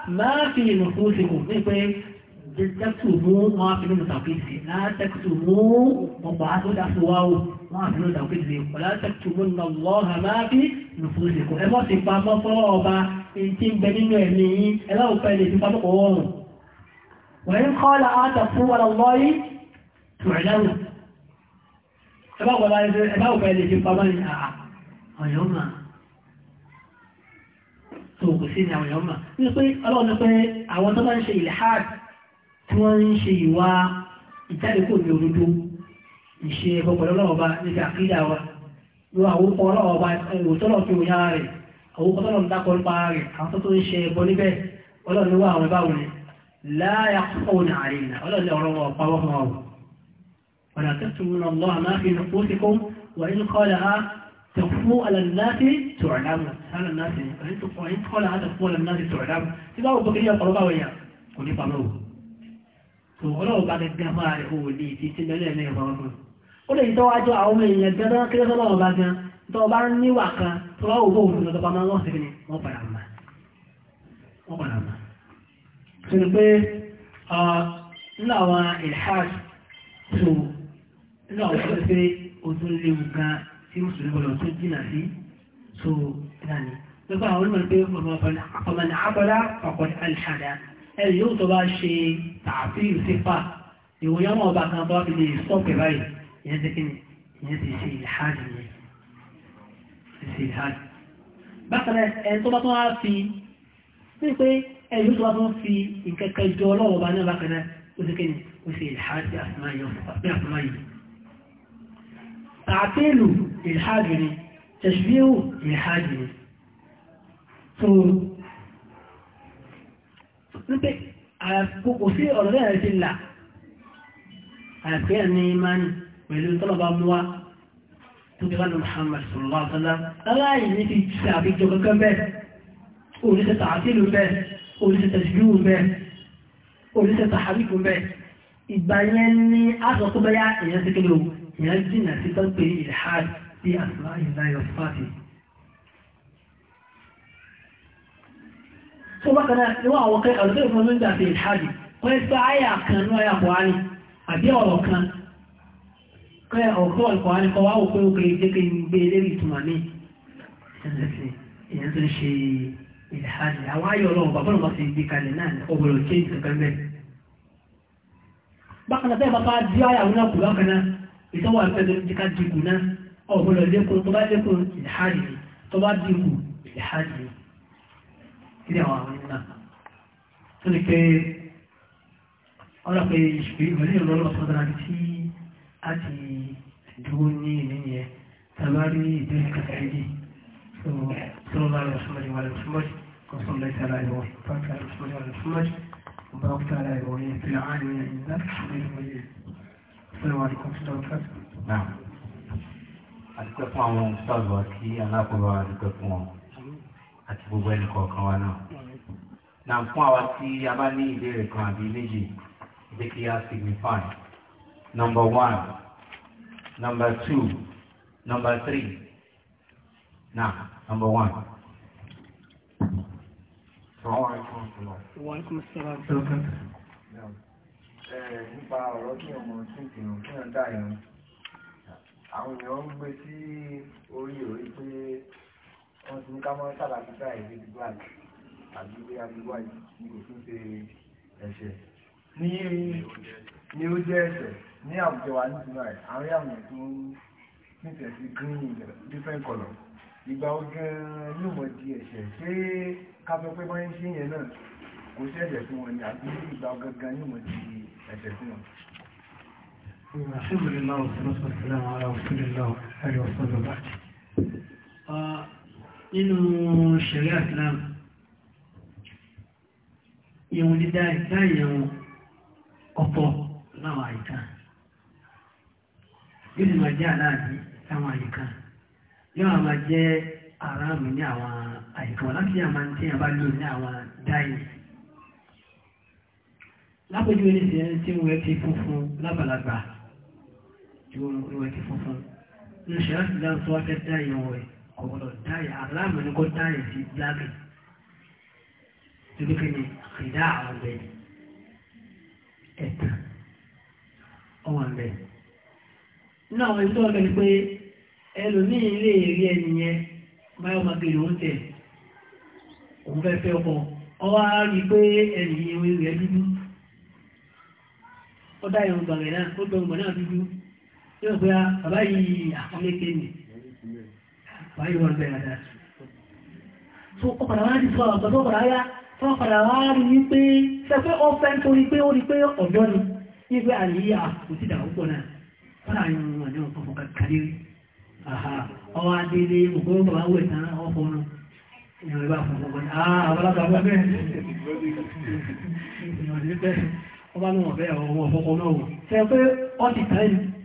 ما في نفوسكم إذن تكتمون ما في نفوسكم لا تكتمون مبعث الأسواه ما في نفوسكم ولا تكتمون الله ما في نفوسكم إذا سبا ما فرابا إن تم بنين ويمني إذا أفعل سبا مقوم وإن قال آتفو على الله تعلن إذا أفعل سبا مقوم ọ̀yọ́ mà tó kò sí ní àwọn ọ̀yọ́ mà nínú pé ọlọ́run ní pé àwọn tó bá ń ṣe ilhad tí wọ́n ń ṣe ìwà ìjáde kò ní òdodo ìṣe ọpọlọ ọlọ́ọ̀ba níbi àkídà wa ló àwòkọ ọlọ́ọ̀ba ìwòsọ́lọ̀ fi òyà rẹ̀ àwòkọ tọ́lọ̀ ń dákọ̀ nípa rẹ̀ àwọn tó tó ń ṣe ẹbọ níbẹ̀ ọlọ́ọ̀ni wà àwọn ìbáwọn ni láyà ọ̀nà àrìnà ọlọ́ọ̀ni ọ̀rọ̀ wọn pa wọ́n wọn ọ̀nà tó tún lọ lọ́ àmáfin fóṣìkó wà ní kọ́lá تكفو على الناس تعلم على الناس أن تقول هذا تكفو على الناس تعلم إذا أبو بكر يقول بابا ويا كل يفعلوه tòwọ́lọ́ bá gẹ́gẹ́ fún ààrẹ òun lè fi tí lẹ́lẹ́ ní ọ̀rọ̀ ọ̀rọ̀ ó lè tọ́ wájú àwọn èèyàn gẹ́gẹ́ kéré tọ́lọ́ ọba gan tọ́ bá ń níwà kan tó wá òwò òun lọ́dọ́ bá máa wọ́n sí ni wọ́n padà mà wọ́n padà mà tó ní pé nínú àwọn ìhàd tó nínú àwọn tó ṣe ojú léwu gan tí mùsùlùmí gbọdọ̀ tó jìnà sí so ìlànà nígbà àwọn onímọ̀ pé ọmọdé àbọ̀dá ọ̀pọ̀dé alìṣàdá ẹni yóò tó bá ṣe tààfíì sípà ìwòyàn wọn ọba kan bá fi lè sọ́ọ̀kẹ̀ báyìí ìyẹn ti kí ni ìyẹn ti ṣe ìlhàdì yẹn ti ṣe ìlhàdì bákan náà ẹni tó bá tó wá fi ní pé ẹni yóò tó bá tó fi ìkẹ́kẹ́ jọ ọlọ́wọ́ ọba náà bákan náà ó ti kí ni ó من حاجني تشبيه من حاجني فو نبي على كوكو في أرضي الله على كيان نيمان تقول محمد صلى الله عليه وسلم ألا ينفي تسابيك جوغا كم بي أوليس تعطيل بي أوليس تشبيه بي أوليس تحريك بي إبانيني أخذ قبيا إنسك لو ينزل نفسي تنبي الحاج في أسماء الله وصفاته tó bá kanáà ní wọ́n àwọn kẹ́kọ̀ọ́ tó ìfọ́n lóúnjẹ́ àti ìlhàjì wọ́n ń sọ àyà kan ní àyà kọ̀wání àbí ọ̀rọ̀ kan kẹ́ ọ̀pọ̀ ìkọ̀wání kọ́ wá òpin òkè ìdíkẹ́ ìgbé eléyìí túnmà ní ìyẹn tó ń ṣe ìlhàjì àwọn ayọ̀ ọlọ́run bàbá náà ti gbé kalẹ̀ náà ọgbọ̀rọ̀ ké ìtọ́gbẹ́mẹ́ bákan náà tẹ́ bá bá dí àyà wọn náà kù lọ́kàn náà ìtọ́wọ́ àti ẹ̀dọ́ أو هنا يقول تبادل لحاله تبادل لحاله كده هو عملنا فلك أولا في شبيه وليه الله صدر عليكي أتي دوني مني تماري دلك سعيدي صلى الله عليه وسلم وعلى محمد وصلى الله تعالى عليه وسلم وعلى محمد وبارك تعالى عليه وسلم في العالمين إنك حميد مجيد السلام عليكم ورحمة الله وبركاته نعم àdúgbò fún àwọn ọ̀ṣọ́ọ̀bù àti alákòóbá àdúgbò fún wọn àti gbogbo ẹnì Nà fún àwa tí a bá ní ìbéèrè kan àbí signify. Number one, number two, number three. Nà number one. Sọ̀rọ̀ àìkú àwọn èèyàn ń gbé sí orí orí pé wọ́n ti ní ká mọ́ sàlàkúta èdè gbígbà àbí pé agbègbè ni kò tún ṣe ẹ̀ṣẹ̀ ní ní ó jẹ́ ẹ̀ṣẹ̀ ní àwùjọ wa nítorí rẹ̀ àwọn àmì tó nífẹ̀ẹ́ sí green different colour ìgbà ọgán yóò mọ̀ di ẹ̀ṣẹ̀ ṣé ká sọ pé wọ́n ń ṣe yẹn náà kò sí fún wọn ni àbí ìgbà ọgán gan yóò mọ̀ di ẹ̀ṣẹ̀ fún wọn. الحمد رسول الله وعلى آله وصحبه وبعد nínú ṣẹ̀rí Islam ìwọ̀n dídá ìdá ìyẹ̀wọ̀n ọ̀pọ̀ láwọn àyíká yóò sì máa jẹ́ aláàbí láwọn àyíká yóò máa jẹ́ aráàmù ní àwọn àyíká wọn láti yàmá tí a bá lò ní àwọn dáì lápòjú ẹni tí wọ́n ti funfun lábàlagbà tí wọ́n ń pè wọ́n ti funfun ní ṣẹ́yà sí dáhùn tó wá fẹ́ dáyà wọ̀ ẹ̀ ọ̀gbọ̀dọ̀ dáyà aláàmì ni kò dáyà sí bláàkì nítorí kìíní àkìdá àwọn ọ̀bẹ ẹ̀tàn ọwọ́ ọ̀bẹ. nínú àwọn ìlú ọ̀bẹ ni pé ẹlòmíín lè rí ẹni yẹn báyọ̀ máa gbèrè oúnjẹ òun fẹ́ fẹ́ ọkọ̀ ọwọ́ á rí i pé ẹnì yẹn wọ́n rí ẹ dúdú ọ̀dà ìrùngbọ̀n rẹ̀ náà ó dọ̀ngbọ̀n náà dúdú yóò gbé bàbá yìí àkọlékè mi bàbá wọ́n bẹ̀rẹ̀ dáa tó ó wá ní fún àwọn ọ̀gbọ́n padà yá wọ́n padà wá rí ní pé sẹ́fẹ́ ọ̀fẹ́ nítorí pé ó rí pé ọ̀dọ́ ni nígbẹ́ àníyà kò sí ìdàgbọ́ pọ̀ náà fọ́nà àwọn ọmọ ti tẹ́lẹ̀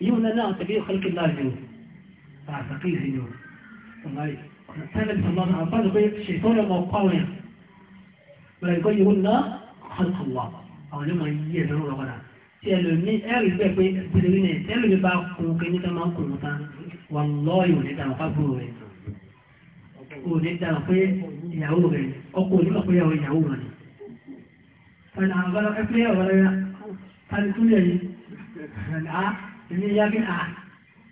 يونا نا تبيه خلق الله يونا فعتقيه يونا والله سلم الله عفان غير الشيطان موقعنا ولا يقول يونا خلق الله أو لما يجرون لغنا تيالو مي أعلى بيقوي بدوينة تيالو جبا كوكيني كما كنتان والله يونا تنقبه ونبدأ في يهوه أقول لك في يهوه يهوه فالعنبال أفريه ولا فالتولي فالعنبال èmi yá bí a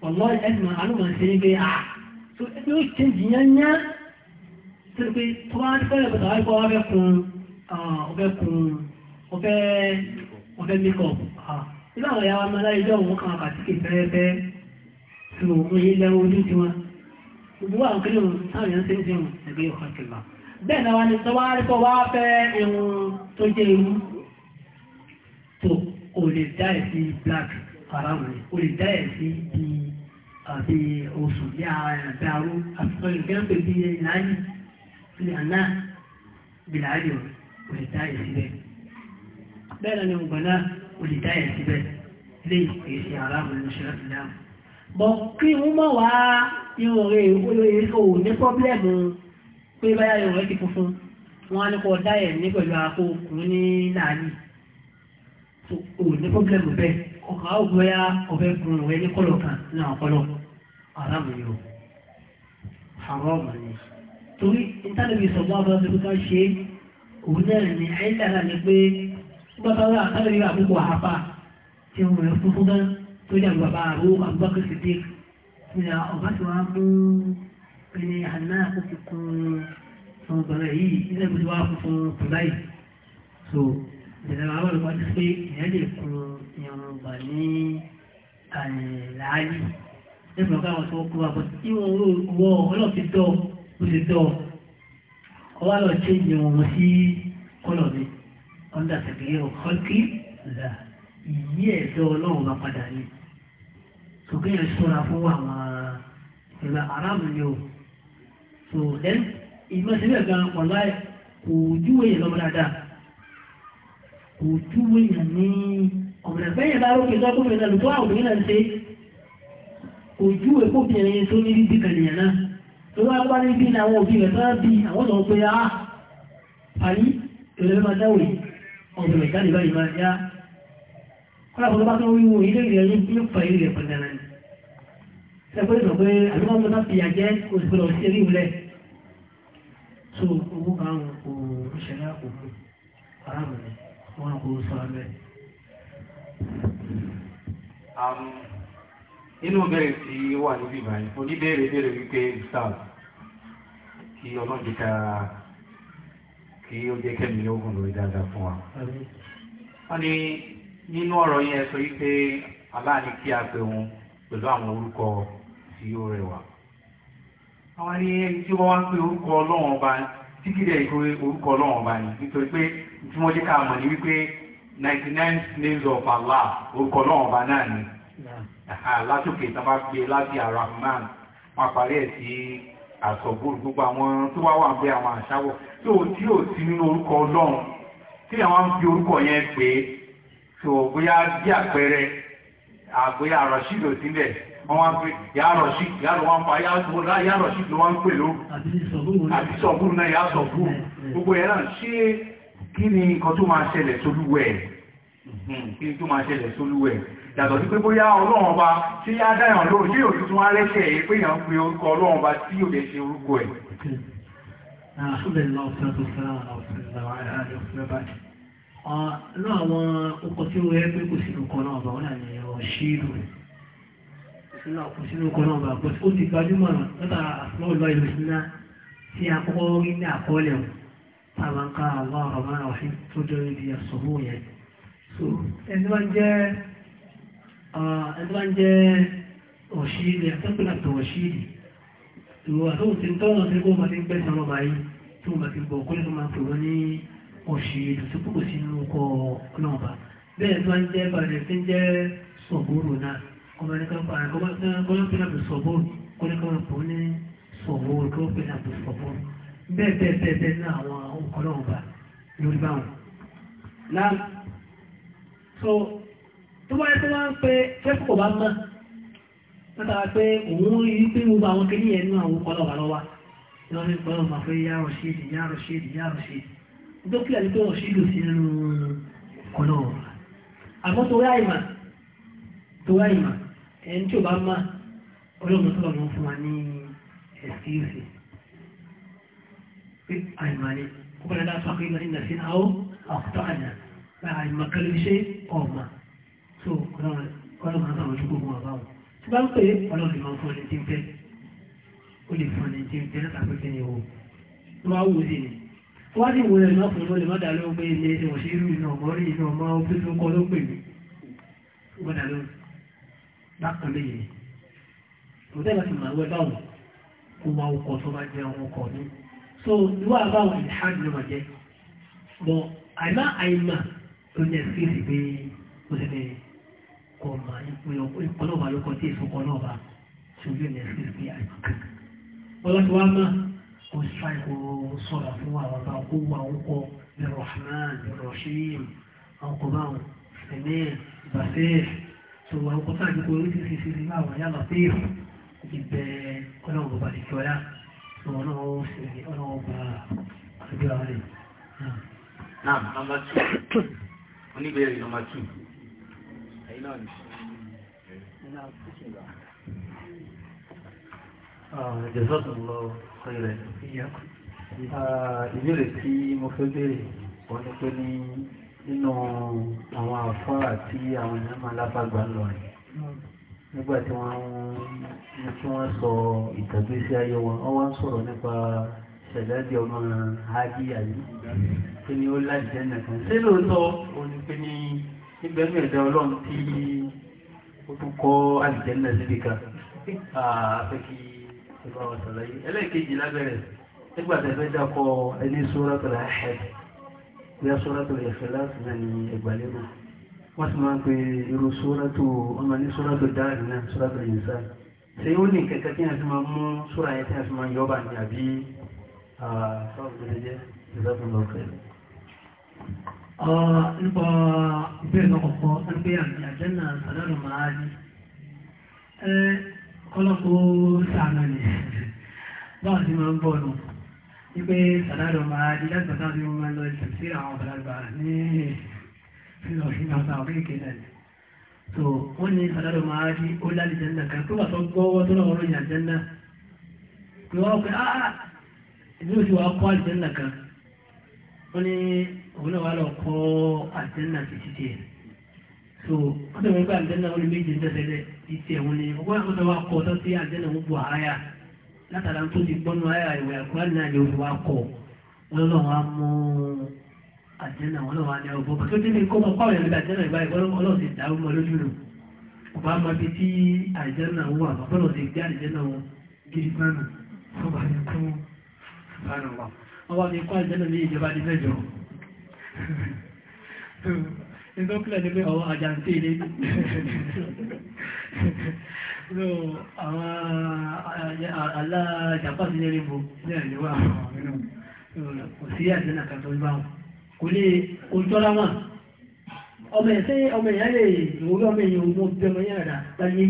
ọ̀lọ́ ẹ̀dùn àlùmọ̀ sí ní pé a tó ẹgbẹ́ ó ṣe jìyànjá tó pé tó bá ń fẹ́rẹ̀ pẹ̀lú àwọn ẹgbẹ́ kun ọbẹ̀ ah, kun ọbẹ̀ makeup nígbà àwọn ìyáwó ọmọ aláìjọ òun kan àkàtìkè fẹ́ẹ́fẹ́ tó òun yé lẹ́wọ́ ojú ti wọn gbogbo àwọn kílò táwọn èèyàn ṣe ń jẹun ẹgbẹ́ ọkọ̀ kìlọ̀ bẹ́ẹ̀ náà wá ní sọ wá rí pọ̀ wá fẹ́ irun tó jẹ́ irú tó ò lè dá ìsí haram ni o lè dá ẹ̀ sí di àti oṣù bí àdàrú àfikún ìgbẹ́ǹpé bí láàyè ní àná bí láàyè o lè dá ẹ̀ síbẹ̀ bẹ́ẹ̀ ni ọgbọ̀n náà o lè dá ẹ̀ síbẹ̀ lè pèsè haram ní ṣe láti dáhùn bọ̀ kí wọ́n mọ̀ wá irun rẹ̀ olóyè o ní pọ́blẹ́mù pé báyà irun rẹ̀ ti funfun wọ́n á ní kọ́ dá ẹ̀ ní pẹ̀lú akó ní láàyè o ní pọ́blẹ́mù bẹ́ẹ̀ ọkàn áwò bóyá ọbẹ̀ fún ìwé ní kọ́lọ̀ kan ní àkọlọ̀ aráàmù yóò àwọn ọmọ ni torí ìtàlẹ́bí sọ̀gbọ́ abọ́dé tó ká ṣe òun náà ní àìsára ni pé gbọ́dọ̀ àtàlẹ́bí àkókò àhàpà tí wọ́n rẹ̀ fún fúnná tó jẹ́ bàbá àrò Abubakar Siddiq ìyá ọ̀gá tí wọ́n á mú ẹni àná àkókò kan ọgbọ̀n rẹ̀ yìí ilé ìgbésí wá fún fún tùláì ìjọba abọ́lùkọ́ ti pé ìyẹn lè kun ìrùn gbà ní àìláàyè nígbà káwọn tó kú wa bọ́ tí wọ́n wọ́ ọlọ́ọ̀ ti dọ́ ó ti dọ́ ọwọ́ lọ ṣe ìyẹ̀wọ̀n wọn sí kọ́lọ̀ mi ọ̀dà tẹ̀lé ọ̀kọ́kí là ìyí ẹ̀dọ́ ọlọ́run bá padà ní tòkè yẹn ṣọ́ra fún àwọn ìgbà aráàlú ni o so then ìgbọ́nsẹ̀ bẹ́ẹ̀ gan ọ̀la kò júwèé lọ́mọ dáadáa kò túwé yàn ní ọ̀rẹ́ fẹ́yìn bá rókè tó kófin náà lùtọ́ àwọn òmìnira ṣe kò júwe kóbìnrin tó ní bíbí kànìyàn náà tó wá bá ní bí ní àwọn òbí rẹ̀ tó bí àwọn ọ̀nà pé á parí ìrẹ̀lẹ́ máa dáwò ọ̀dọ̀ ìjáde báyìí máa yá kọ́lá fún ọba tó wíwo ilé ìrẹ̀ yóò fa ilé rẹ̀ pẹ̀lú ẹ̀rẹ̀ ṣẹ́gbẹ́ pé àdúgbò tó bá fi so owó kan kò ṣẹlẹ̀ àkókò aráàlú wọn kò sálẹ̀. Um, inú bẹ̀rẹ̀ tí wà níbí báyìí oníbẹ̀rẹ̀ bẹ̀rẹ̀ wípé staff kí ọlọ́dún ká kí ó jẹ́ kẹ́mi lóògùn lórí dáadáa fún wa. wọ́n ní nínú ọ̀rọ̀ yẹn sọ wípé aláàní kí a pè wọn pẹ̀lú àwọn orúkọ tí ó rẹwà. àwọn ẹni tí wọ́n wá ń pe orúkọ ọlọ́wọ́n ọba tí kìí dẹ̀ ìkórè orúkọ ọlọ́wọ́n ọba yìí nítorí pé tí wọ́n jẹ́ ká mọ̀ ní wípé ninety nine names of Allah orúkọ náà ọba náà ni látòkè tábà gbé láti Ar-Rahman wọn parí ẹ̀ sí àsọ̀gbó gbogbo àwọn tó wá wà ń bẹ àwọn àṣàwọ̀ tó tí ò sí nínú orúkọ Ọlọ́run tí àwọn ń fi orúkọ yẹn pè é tó bóyá bí àpẹẹrẹ àgbéyà Ar-Rashid ò sílẹ̀ wọ́n wá ń pè yà Rashid yà ló wọ́n pa yà Rashid ló wọ́n ń pè ló àti sọ̀gbó náà yà sọ̀gbó gbogbo yẹn náà ṣé kí ni nǹkan tó máa ṣẹlẹ̀ sólúwẹ̀ kí ni tó máa ṣẹlẹ̀ sólúwẹ̀ yàtọ̀ sí pé bóyá ọlọ́run ọba tí yá dáyàn lóòrùn tí yóò tuntun arẹ́ṣẹ̀ èyí pé èèyàn ń pe orúkọ ọlọ́run ọba tí yóò lè ṣe orúkọ ẹ̀. Ọ̀nà àwọn ọkọ̀ tí ó rẹ́ pé kò sínú kan náà bá wọ́n náà ní ọ̀ṣírù rẹ̀. Ìṣúná kò sínú kan náà bá ó ti gbajúmọ̀ látara àfúnáwò lọ́yọ̀ ìṣúná tí a kọ́kọ́ rí ní àkọọ́lẹ̀ wọn táwọn ń ká àwọn ọ̀rọ̀ ọ̀hìn tó jọ ibi ẹ̀sọ̀mú yẹn so ẹni wá ń jẹ́ ẹni wá ń jẹ́ ọ̀ṣìlì àtẹ́kùnlá tó ọ̀ṣìlì ìwọ àtọ́wò tí ń tọ́nà tí kó máa ti gbẹ́ sọ́nà báyìí tó máa ti bọ̀ kólé tó máa pè wọ́n ní ọ̀ṣìlì tó kò sí inú kọ́ náà bá bẹ́ẹ̀ tó ń jẹ́ bàrẹ̀ tí ń jẹ́ náà kọ́mọdé bẹ́ẹ̀ bẹ́ẹ̀ bẹ́ẹ̀ bẹ́ẹ̀ ní àwọn ọlọ́run bá lórí báwọn. láàmú so tó bá yẹ tó wá ń pé fẹ́ẹ́ kò bá mọ̀ látara pé òun rí pé gbogbo àwọn kéde yẹn nínú àwọn ọlọ́wà lọ́wà ní wọ́n fi ń pọ́nlọ́wà máa fẹ́ yá rọ̀ṣídì yá rọ̀ṣídì yá rọ̀ṣídì dókítà ní pé rọ̀ṣídì sí nínú ọlọ́wà àmọ́ torí àìmà torí àìmà ẹni tí ò bá mọ̀ ọlọ́run tó lọ́nà fún wa ní ẹ̀sìkìrìsì àìmọ̀lẹ́ kúbọ̀lẹ́ láfàkì ìmọ̀ ìnà sí àwọ̀ ọ̀tọ̀ àná àìmọ̀kẹ́lẹ́ iṣẹ́ ọ̀mà tó ọlọ́run máa sọ̀rọ̀ dúkò mọ́ àbáwọ̀ tí bá ń pè é ọlọ́run máa fún ẹni tí ń fẹ́ ó lè fún ẹni tí ń fẹ́ látàkùn sí ni o ló wá wò sí ni wọ́n ti wò ẹ̀ lọ́kùnrin ló lè má dà lóhùn pé ilé ẹ̀sìn wọ̀ṣẹ́ irú iná ọmọ rí iná ọmọ ó fífi kọ́ ló pè mí wọ́n dà lóhùn bákan lè yẹ òtẹ́ẹ̀lì ti máa wẹ báwọn kó so ìwà àbáwọn ìhàdì ló máa jẹ́ bọ̀ àìmá àìmá tó ní ẹ̀sìkèsì pé ó ti ní kọ̀ mà ìpò náà wà ló kọ́ tí èso kọ́ náà bá tó yóò ní ẹ̀sìkèsì pé àìmá kankan ọlọ́tí wá má kó sáì kó sọ̀rọ̀ fún àwọn bá kó wà ó kọ́ Rahman Rahim àwọn kọ̀ bá wọn sẹ̀mí ìbàfẹ́ tó wà ó kọ́ sáà ní kó orí ti ṣe ṣe ṣe láwọn yálà pé ìbẹ̀ ọlọ́run bàbá ti fi ọlá ọlọ́wọ́ fi ọlọ́wọ́ gba àjọ rẹ̀. Náà, nọmba tù, oníbèrè nọmba tù, ẹ̀yìn náà ni. Jẹ́sọ́tún lọ sọ́yẹ̀rẹ̀ ìyàkùn. Ìbéèrè tí mo fẹ́ béèrè wọ́n ní pé ní nínú àwọn àfọ́rà tí àwọn èèyàn máa lábàgbà lọ rẹ̀ nígbà tí wọ́n ní kí wọ́n sọ ìtàgbésí ayé wọn wọ́n wá ń sọ̀rọ̀ nípa ṣẹ̀dáàdì ọmọ hajj àyè pé ní ó láìjẹ́ nìkan ṣé lóòótọ́ o ní pé ní nígbẹ̀mí ẹ̀dá ọlọ́run tí ó tún kọ́ àìjẹ́ náà síbi kan àfẹ́kì ìbá wa sàlàyé ẹlẹ́ẹ̀kejì lábẹ́rẹ̀ nígbà tí ẹgbẹ́ dákọ̀ ẹni sóràtọ̀ ẹ̀ṣẹ̀ bí a sóràtọ̀ ẹ̀ṣẹ̀ láti náà ní ẹgbàlérò wọ́n ti máa ń pe irú sóràtò ọmọ ní sóràtò dáàrí náà sóràtò ìyẹnsá ṣe ó ní kẹ̀kẹ́ tí a ti máa mú sóra yẹn tí a ti máa yọ́bà ní àbí nípa ìbéèrè lọ́kọ̀ọ́kọ́ ẹgbẹ́ àmì àjẹ́nà sàdánù máa rí kọ́lọ́kọ́ sàánà ni báwọn ti máa ń bọ̀ nù wípé sàdánù máa rí lágbàtà tí wọ́n máa lọ ìtẹ̀sí àwọn ọ̀bàlágbà ní nínú ọ̀sìn àwọn àbúríkè náà ni so wọ́n ní adájọ́ máa rí ó lálẹ́ jẹ́nà kan tó wà tó gbọ́wọ́ tó lọ́wọ́ ròyìn àjẹ́nà pé wọ́n pé áá ìlú òsì wà kọ́ àjẹ́nà kan wọ́n ní òun náà wà lọ kọ́ àjẹ́nà títí tiẹ̀ so wọ́n tẹ̀wọ́n pé àjẹ́nà wọn ní méjì ń tẹ̀sẹ̀ títí ẹ̀ wọ́n ní ọgbọ́n àwọn tó wà kọ́ tó sí àjẹ́nà wọn bu àáyà látara tó ti gbọ́nú àáyà ìwé àkúrá náà àjẹ́nà wọn lọ́wọ́ alẹ́ ọgbọ́n tó dé ní kó mọ pàwọn ẹ̀rí àjẹ́nà ìgbà ìbọ́lọ́sì dáwọ́ mọ lójú rẹ̀ ọba mọ bí tí àjẹ́nà wọn wà bọ́lọ̀ ti gbé àjẹ́nà wọn gidi gbánu ọba ní kú gbánu wa ọba ní kó àjẹ́nà ní ìjọba ní mẹ́jọ ẹgbẹ́ pílẹ̀ ní pé ọwọ́ àjàǹtí ilé so àwọn alájàpá sí ní bo ní ẹ̀rí wà kò sí àjẹ́nà kan tó kò lè ọmọ ẹ̀ ọmọ ìyá lè ìwòrí ọmọ èèyàn ogun ọmọ yẹn rà láyé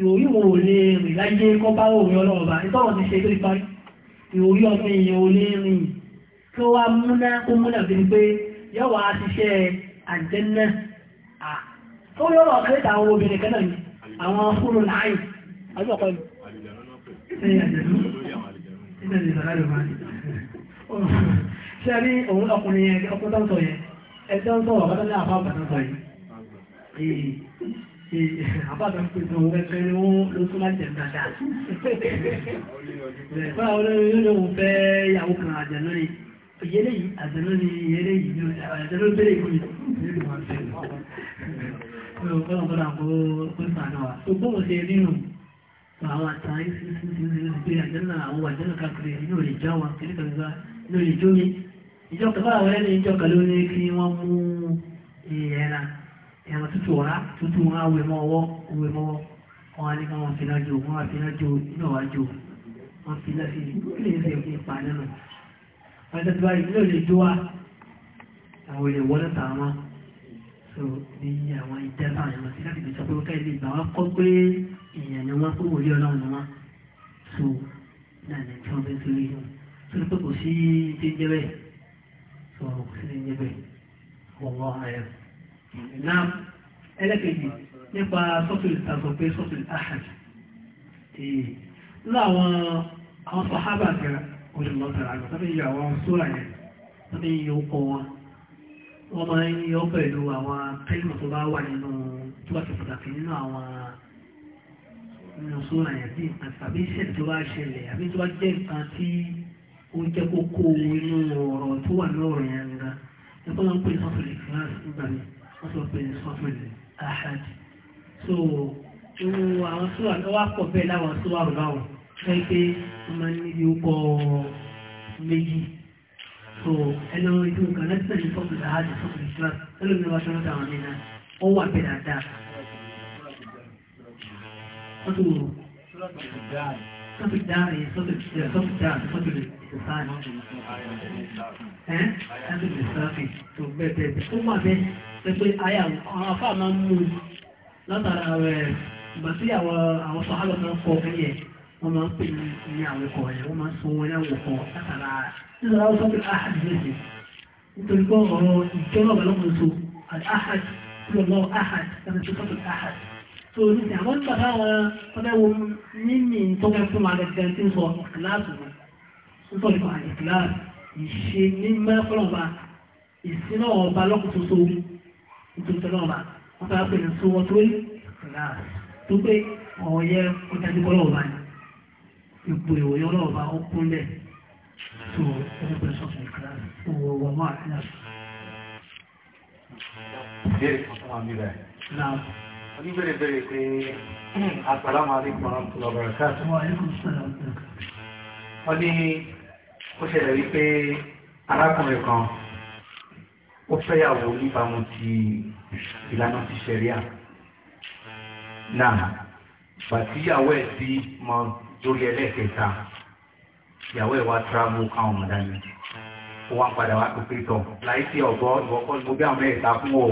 ìwòrí wọn lè rìn láyé kọ́ òwe ọlọ́run bá ti ṣe lórí parí ìwòrí ọmọ èèyàn ò rìn kí wá múná kó múná bí pé yọ̀wá ṣiṣẹ́ àjẹ́nà ó yọ̀rọ̀ ọ̀kẹ́ tà àwọn obìnrin kan náà ni àwọn fúnrún láàyè àjọ ọ̀pọ̀ ìlú ṣe rí òun ọkùnrin yẹn ọkùn tó ń sọ yẹn ẹjọ́ ń àwọn àtàrí sí sí sí àjẹ́nà àwọn àjẹ́nà káàkiri inú rẹ̀ já wa kìrìkàrí lórí ìjọkà bá àwọn ẹni ìjọkà ló ní kí wọ́n mú ẹran ẹran tútù wá tútù wọn awé mọ́wọ́ awé mọ́wọ́ wọn ní káwọn fi náà jò wọn fi náà jò iná wá jò wọn fi náà fi ilé ìfẹ́ òkè pa nínú wọn tẹ́tí báyìí ilé òlè jó wa àwọn olè wọ́n náà tàwọn so ní àwọn sí láti so náà ní tí wọ́n fẹ́ so ní pé kò sí sọ̀rọ̀ sí ní níbẹ̀ ọwọ́ ayẹ́ náà ẹlẹ́kẹ̀ẹ́jì nípa sọ́tùlì tàbí sọ́tùlì ahad láwọn àwọn sọ̀hábà gẹ̀rẹ̀ olùmọ̀tàrà àgbà tàbí yọ àwọn sóra yẹn tàbí yọ ọkọ̀ wọn wọ́n máa ń yọ pẹ̀lú àwọn kẹ́lìmọ̀ tó bá wà nínú tó bá ti pàtàkì nínú àwọn nínú sóra yẹn bí nǹkan tó bá ṣẹlẹ̀ àbí tó bá jẹ́ nǹkan tí ó jẹ́ kókó inú ọ̀rọ̀ tó wà lọ́rọ̀ yẹn nira ẹgbẹ́ wọn pè sọ́fẹ̀lì kíláàsì nígbà mi wọ́n sọ pé sọ́fẹ̀lì ahad so irú àwọn tó wà lọ́wọ́ pọ̀ bẹ́ẹ̀ láwọn tó wà lọ́wọ́ fẹ́ pé wọ́n máa ń níbi ọkọ̀ méjì so ẹnu ìdí nǹkan láti tẹ̀lé sọ́fẹ̀lì ahad sọ́fẹ̀lì kíláàsì ẹlòmí wa ṣọ́nà táwọn nínú ó wà bẹ́ẹ̀ dáadáa sọ́tò dáre sọ́tò kìtìrì sọ́tò dáre sọ́tò lè sáà náà ẹ́ sọ́tò lè sáfì tó bẹ́ẹ̀ tó wà bẹ́ẹ̀ pé pé àyà àwọn afá máa ń mú un látara rẹ̀ ìgbà tí àwọn àwọn sọ̀hálọ̀ náà kọ ẹ̀yẹ wọ́n máa ń pè ní àwọn ọkọ̀ ẹ̀ wọ́n máa ń sọ wọn ní àwọn ọkọ̀ látara nígbà wọn sọ́tò ahad lẹ́sẹ̀ nítorí pé ọ̀rọ̀ ìjọ́lọ́gbà lọ́mọ so ti àwọn nígbà táwọn ọlẹ́wọ̀ mímì tó fún wa gẹ́gẹ́ tí ń sọ kíláàsì wọn ń sọ nípa àyè kíláàsì ìṣe mímọ́ fọlọ́ba ìsinà ọba lọ́kùtòso nítorí tọ́lọ́ba wọ́n fẹ́ pè ní sọ́wọ́ tó rí kíláàsì tó pé ọ̀yẹ́ kọjájúkọ́ lọ́ọ̀ba ni ipò ìwòye ọlọ́ọ̀ba ó kúnlẹ̀ tó ẹni pẹ̀lú sọ́ọ̀tún kíláàsì owó wọn máa kíláàsì. Ìbéèrè kan fún wa níbẹ̀ oníbẹ̀rẹ̀ bẹ̀rẹ̀ pé àgbàlámà alẹ́kùnrin ọ̀rọ̀ káàtù wọ́n ní ó ṣẹlẹ̀ wípé arákùnrin kan ó fẹ́yàwó níbàmú ti ìlànà ti ṣẹ̀ríà náà bàtíyàwó ẹ̀ sí mọ lórí ẹlẹ́ẹ̀kẹta ìyàwó ẹ̀ wá tíráàmù káwọn ọmọdé yìí ó wá ń padà wá pípé tọ̀ láì sí ọ̀gbọ́ ìwọ́kọ́ ni mo bí àwọn ẹ̀ta fún ọ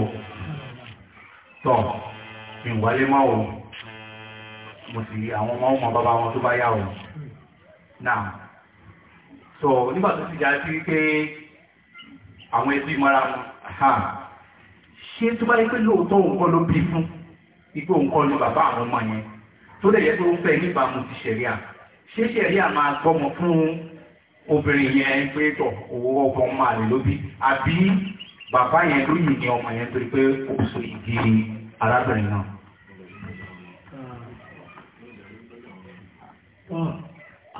tọ̀ kí n wálé mọ́ òun mo sì àwọn ọmọ ọmọ bàbá wọn tó bá yá òun náà so nígbà tó ti jà sí pé àwọn ẹbí mọ́ra wọn ṣé tó bá yẹ pé lóòótọ́ òun kọ́ ló bí fún ipò òun kọ́ ló bàbá àwọn ọmọ yẹn tó dẹ̀ yẹ pé ó ń fẹ́ níbàámu ti ṣẹ̀ríà ṣé ṣẹ̀ríà máa gbọ́mọ fún obìnrin yẹn pé tọ̀ owó ọkọ̀ ọmọ àlè ló àbí bàbá yẹn ló ní ọmọ yẹn torí pé kò so ìdí arábìnrin náà.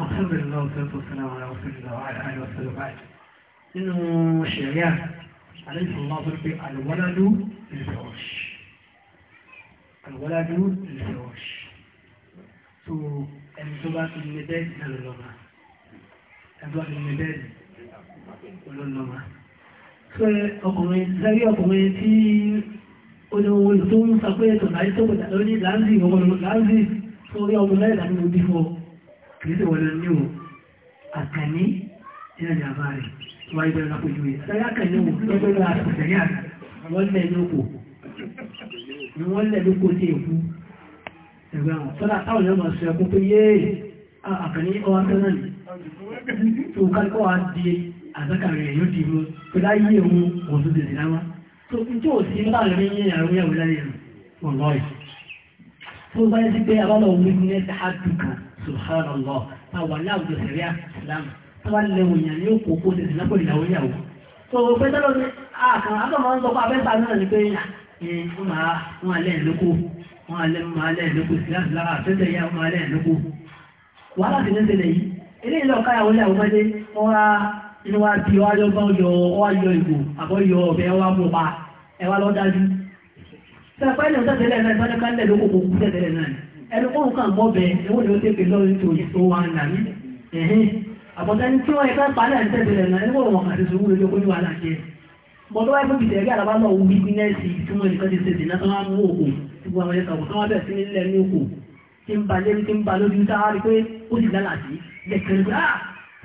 alhamdulillah ọ̀sẹ̀ tó sinna wàrà ọ̀sẹ̀ ìlà àìlọ́ sẹ́lẹ̀ báyìí nínú ṣẹ̀ríà àlejò máa bọ́ pé àlùwọ́ládú ìfẹ́ ọ̀ṣì àlùwọ́ládú ìfẹ́ ọ̀ṣì tó ẹni tó bá ti ní bẹ́ẹ̀dì lọ́lọ́mà ẹni tó bá ti ní bẹ́ẹ̀dì lọ́lọ́mà tó ọkùnrin sẹ́rí ọkùnrin tí olówó tó ń sọ pé ètò láì tó pẹ̀lú ní láńzì ọgbọ̀n láńzì tó rí ọmọ láìlá ní ojú fọ́ kìí sì wọlé ní o àkàní ìrìn àjò àbá rẹ̀ wáyé bẹ̀rẹ̀ lápò ìlú yìí sáré àkàní wò lọ́jọ́ lọ́wọ́ àtàkùnṣẹ́ ní àná wọ́n lẹ̀ lóko ni wọ́n lẹ̀ lóko sí èkú ẹ̀gbẹ́ àwọn tọ́lá táwọn yóò máa sọ pé yé àkàní ọwọ́ fẹ́ ni tó kálíkọ́ wa di àzákàrí rẹ̀ yóò di mú pé láyé òun òun tó tẹ̀lé láwọn tó tí ò sí bá rí yẹn àrùn yẹ̀wò lẹ́yìn ọlọ́ì tó bá yẹ sí pé abálọ̀ witness àdùkà subhanallah ta wà láwùjọ sẹ̀rí islam tó bá lẹ́wọ̀ yẹn ní òkú kó tẹ̀sí lápò ìyàwó yàwó tó pé tọ́lọ́ ní àkàn àtọ̀mọ́ ń sọ pé abẹ́ta náà ni pé wọ́n alẹ́ ìlókò wọ́n inú wa di ọwájọ́ gbọ́n yọ ọwájọ́ ìgbò àbọ́yọ ọ̀bẹ ọwá mú pa ẹwà lọ dájú sẹ́pẹ́lẹ̀ tẹ́tẹ́lẹ̀ náà ìbájọ́ kálẹ̀ ló kòkó kú tẹ́tẹ́lẹ̀ náà ẹnu kóhùn kan mọ́ bẹ ẹwọ́n ni ó tẹ́pẹ́ bọ̀dọ̀ wáyé fún ìtẹ̀rí àlàbá náà wú bíbínẹ́sì tí wọ́n nìkan ti ṣe dìná mú òkú tí gbogbo àwọn ẹ̀kọ́ tó wá sí nílẹ̀ ní òkú tí ń ba lé tí ń ba lójú tá pé ó sì lálàá sí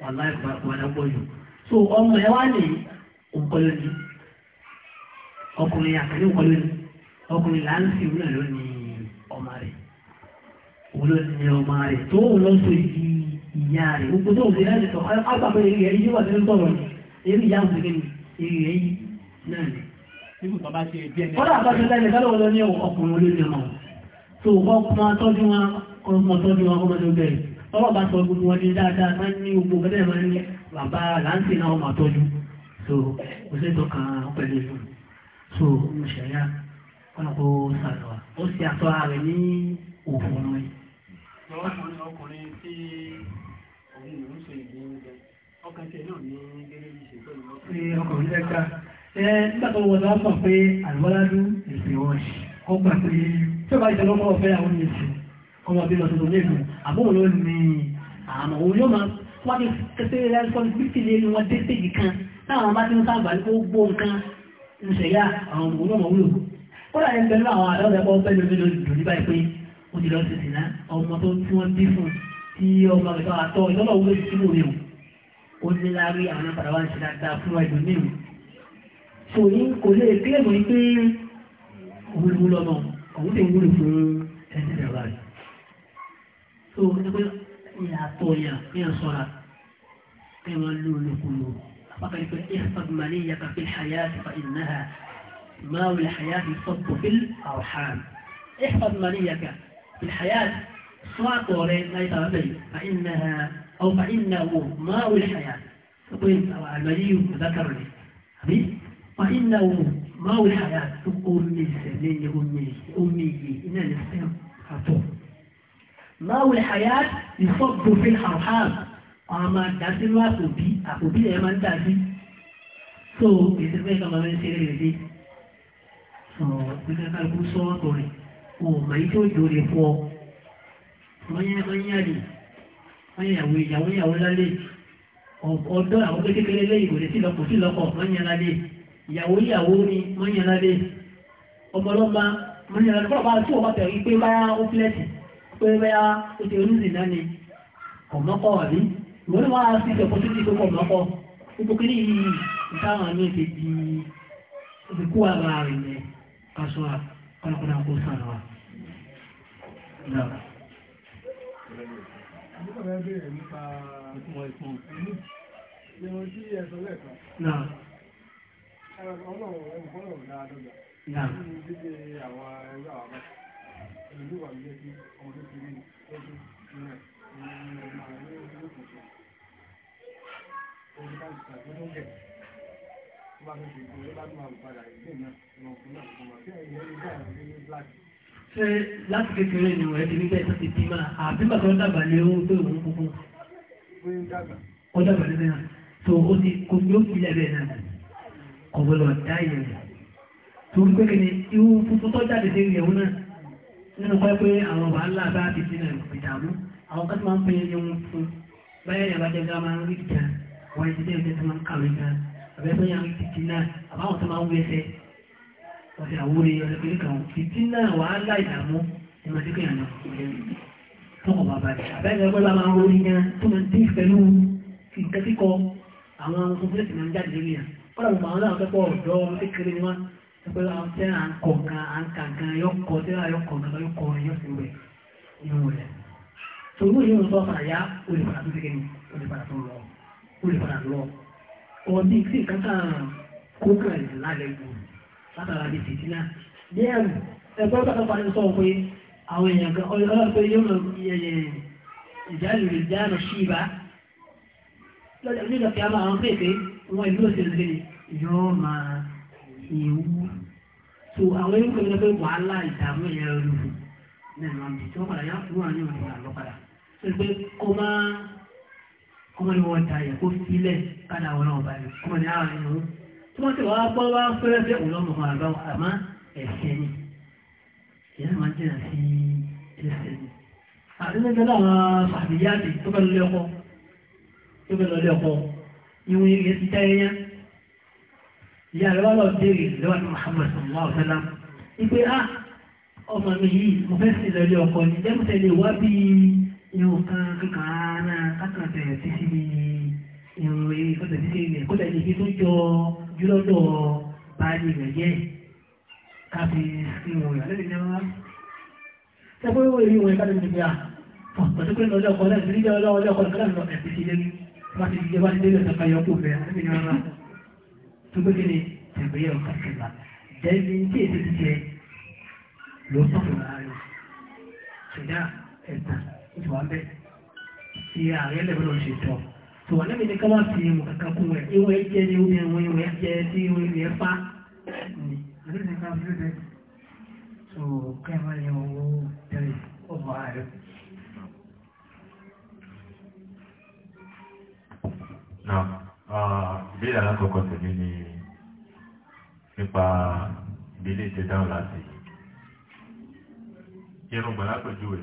wàlá ìpàdé bọ́yọ̀ so ọmọ ẹ wá ní òǹkọlẹ́ ni ọkùnrin àkàní òǹkọlẹ́ ni ọkùnrin là ń fi òun náà lónìí ọmọ rẹ̀ òun ló ní ọmọ rẹ̀ tó ń lọ sọ ìdí ìyá rẹ̀ gbogbo tó ń fi láti sọ agbàgbé eré ẹ̀rí yóò wà nínú tọ̀rọ̀ ni eré ìyá òun ní eré ẹ̀yí náà ni. kọ́dà àbájọ lẹ́yìn kálọ̀ lọ ní ọkùnrin olóyè náà so ọkùnrin atọ́jú wọn ọmọ atọ́jú wọn ọmọdé bẹ́ẹ̀ tọ́wọ́ bá sọ gbogbo wọn ní dáadáa máa ń ní gbogbo gẹ́gẹ́ máa ń ní bàbá láǹsì náà máa tọ́jú so kò sí ètò kan pẹ̀lú ìlú so mo ṣẹ̀yà ọ̀nà kó sàlọ̀ ó sì àtọ́ ààrẹ ní òfin rẹ̀. lọ́wọ́ kan ní ọkùnrin tí òun ìlú ṣe ìgbín oúnjẹ ọkàn tiẹ̀ náà ní gẹ́gẹ́ bí ìṣètò ìlú. ṣé ọkùnrin fẹ́ gbà ẹ nígbà tó wọ́n lọ́wọ́ sọ pé àlùbọ́lá ọmọ bí lọ́dún lẹ́nu àbúrò ló ní àmọ́ òun yóò máa wá ní kẹsẹ̀ lẹ́sọ́ ní bíbí lé wọn dé séjì kan táwọn bá ti ń sáàgbà ní gbogbo nǹkan ń ṣẹ̀yà àwọn ọmọ ọmọ wúlò kódà ẹni pẹ̀lú àwọn àdọ́gbẹ̀kọ́ pẹ̀lú mi lórí dùn nípa ìpín ó ti lọ sí ìsìnà ọmọ tó tí wọ́n bí fún tí ọmọ rẹ̀ bá tọ́ ìlọ́lọ́ wúlò sí mò mi ò ó ní lárí àwọn padà wá ń ṣe dáadáa fún wa ìdùnnú mi so yín kò lè kílẹ̀ mọ́ pé òun ló lọ́mọ fún tó ẹgbẹ́ ní àtọ̀yà ní ọ̀sọ́ra pé wọ́n lò lókùnlò apákan pé ìfàgbàlì yàtọ̀ fi ṣàyà fa ìnáhà máa wùlẹ̀ ṣàyà fi sọ́pọ̀ fi àwòhàn ìfàgbàlì yàtọ̀ fi ṣàyà sọ́àtọ̀ rẹ̀ láì sàbẹ̀ fa ìnáhà أو فإنه ماء الحياة تقول المني ذكر لي أبي فإنه ماء الحياة تقول من سنين أمي أمي إن الإسلام خطوه máwùl hayat ìfọ́gbò fi hàn àwọn máa dá sínú àpòbí àpòbí ẹ̀ máa ń dá sí so ìsinmi kan máa ń ṣe rẹ̀ dé sọ pínlẹ̀ kálukú sọ ọ̀tọ̀ rẹ̀ o mà yí tó jò lè fọ lọ́yẹ́ lọ́yẹ́ àdì lọ́yẹ́ ìyàwó ìyàwó ìyàwó lálẹ́ ọ̀dọ́ àwọn kékeré lẹ́yìn kò lè sí lọ́kọ̀ sí lọ́kọ̀ lọ́yẹ́ lálẹ́ ìyàwó ìyàwó ni lọ́yẹ́ lálẹ́ ọmọlọ́mọ lọ́yẹ́ lálẹ́ kọ́ pé bẹ́yà ó ti orí ìrìnà ni ọ̀mọ́kọ̀ wà ní ìwọ́n wá sí ìjọpọ̀ tó ti kókò ọ̀mọ́kọ̀ gbogbo kí ní ìtàwọn àmì ti di ìdíkú ara rẹ̀ yẹn aṣọ àpapọ̀dà kó sàrà wa. Náà ọlọ́run ẹ̀kọ́ náà dáadọ́gbà. Náà ẹ̀lú wà ní ẹbí ọmọ tó kiri ẹbí rẹ̀ ní ọmọ àwọn olókùnkùn orí káàkiri tó tó gẹ̀ tó bá tó ṣe kó ló bá tó máa padà ìgbé náà ìmọ̀ fún náà kò mọ̀ ṣé láti kékeré ni ọ̀rẹ́ ti ní bẹ́ẹ̀ tó ti máa àbí bàtà dàgbà ní ohun tó ìwọ̀n kúkú. ó dàgbà ní bẹ́ẹ̀ tó ó ti kó yóò fi lẹ́ bẹ́ẹ̀ náà kọ̀wé dá ìyẹn torí pé kí ni irú tuntun tó jáde sí ìyẹ̀wò náà nínú pẹ́ pé àwọn ọba ńlá bá ti sínú ìdààmú àwọn kan tó máa ń pè é ohun fún báyẹ̀ ìyàbá jẹ́ gbá máa ń rí ìjà wọ́n ti dé ìjẹ́ tó máa ń kàwé gan àbẹ́ tó yàn títí náà àbáwọn tó máa ń wẹ́sẹ̀ ọ̀sẹ̀ àwúre ọ̀sẹ̀ pé kàn títí náà wàhálà ìdààmú ìmọ̀ tí kò yàn náà tó kọ̀ bàbá rẹ̀ àbẹ́ ìyàbá pẹ̀lú àwọn tẹ́lá à ń kọ̀ gan à ń kà gan yọ kọ tẹ́lá yọ kọ̀ gan yọ kọ rẹ̀ yọ sí wẹ̀ nínú rẹ̀ tòun yìí ń sọ padà yá olùpadà tó tẹ́kẹ̀ ní olùpadà tó lọ olùpadà lọ ọdí tí ìkátà kókàn rẹ̀ lálẹ́ gbò látara bíi tìtìnà bí ẹ̀rù ẹgbẹ́ bàtà parí sọ pé àwọn èèyàn kan ọlọ́run pé yóò lọ ìjálù ìjálù ṣíba lọ́jọ́ nígbà tí a máa ń pèsè wọn ìlú òṣèlú tó àwọn ẹni tó ń gbé wàhálà ìdààmú ẹ̀yà ẹ̀rù náà máa ń bì tí wọ́n padà yá wọ́n àní wọn ìgbà lọ padà tó gbé kọ́má kọ́má ni wọ́n da yẹ kó sílẹ̀ kádà wọn náà báyìí kọ́má ni àwọn ẹni wọn tí wọ́n ti wá gbọ́ wá fẹ́rẹ́fẹ́ òun lọ́mọ kan àgbà àmọ́ ẹ̀sẹ̀ ni ìyá máa ń jìnà sí ẹsẹ̀ ni àdínlẹ́gbẹ́ láwọn fàbíyáàdì tó bẹ̀rẹ̀ lọ́lẹ́ ọkọ̀ ìwé ilé ti dá ẹyán ìyá rẹ̀ wá lọ béèrè lọ́wọ́ Muhammad sallallahu alaihi wasallam ìpè á ah, ọmọ mi yìí mo fẹ́ sí lọ ilé ọkọ ni jẹ́mu tẹ̀lé wá bí irun kan kankan náà kákan bẹ̀rẹ̀ títí ní irun eré kọ́tà títí ilẹ̀ kọ́tà ilé ibi tó jọ júlọ́dọ̀ báyìí rẹ̀ yẹ káfí sí wọn rẹ̀ lẹ́yìn náà sẹ́kọ́ ìwé ìwé ìwé ìbáraẹni gbé a pàtó pé ah, lọ́jọ́ ọkọ náà ìdílé ọlọ́wọ́ tuntun kí ni tẹ̀gbẹ́ yẹn ọ̀ka ṣẹlá jẹ́bi tí èsì ti jẹ ló sọ̀rọ̀ láàrin ṣẹ̀dá ẹ̀tàn oṣù wa bẹ́ ti ààrẹ lẹ́gbẹ́ lọ ṣe tọ̀ tó wà lẹ́bi ní ká wá fi ìwọ̀n kankan kún rẹ̀ ìwọ̀n ẹ̀jẹ̀ ni omi ẹ̀wọ̀n ìwọ̀n ẹ̀jẹ̀ sí ìwọ̀n ìwọ̀n ẹ̀fá ni àdéhùn ká fi lóde tó kẹ́mà yẹn owó tẹ̀lé ọmọ ààrẹ. Now ìbéèrè alákọ̀ọ́kọ́ tèmi ni nípa ìdílé ìtẹ̀dáhùn láti irun gbọ̀n lápèjúwe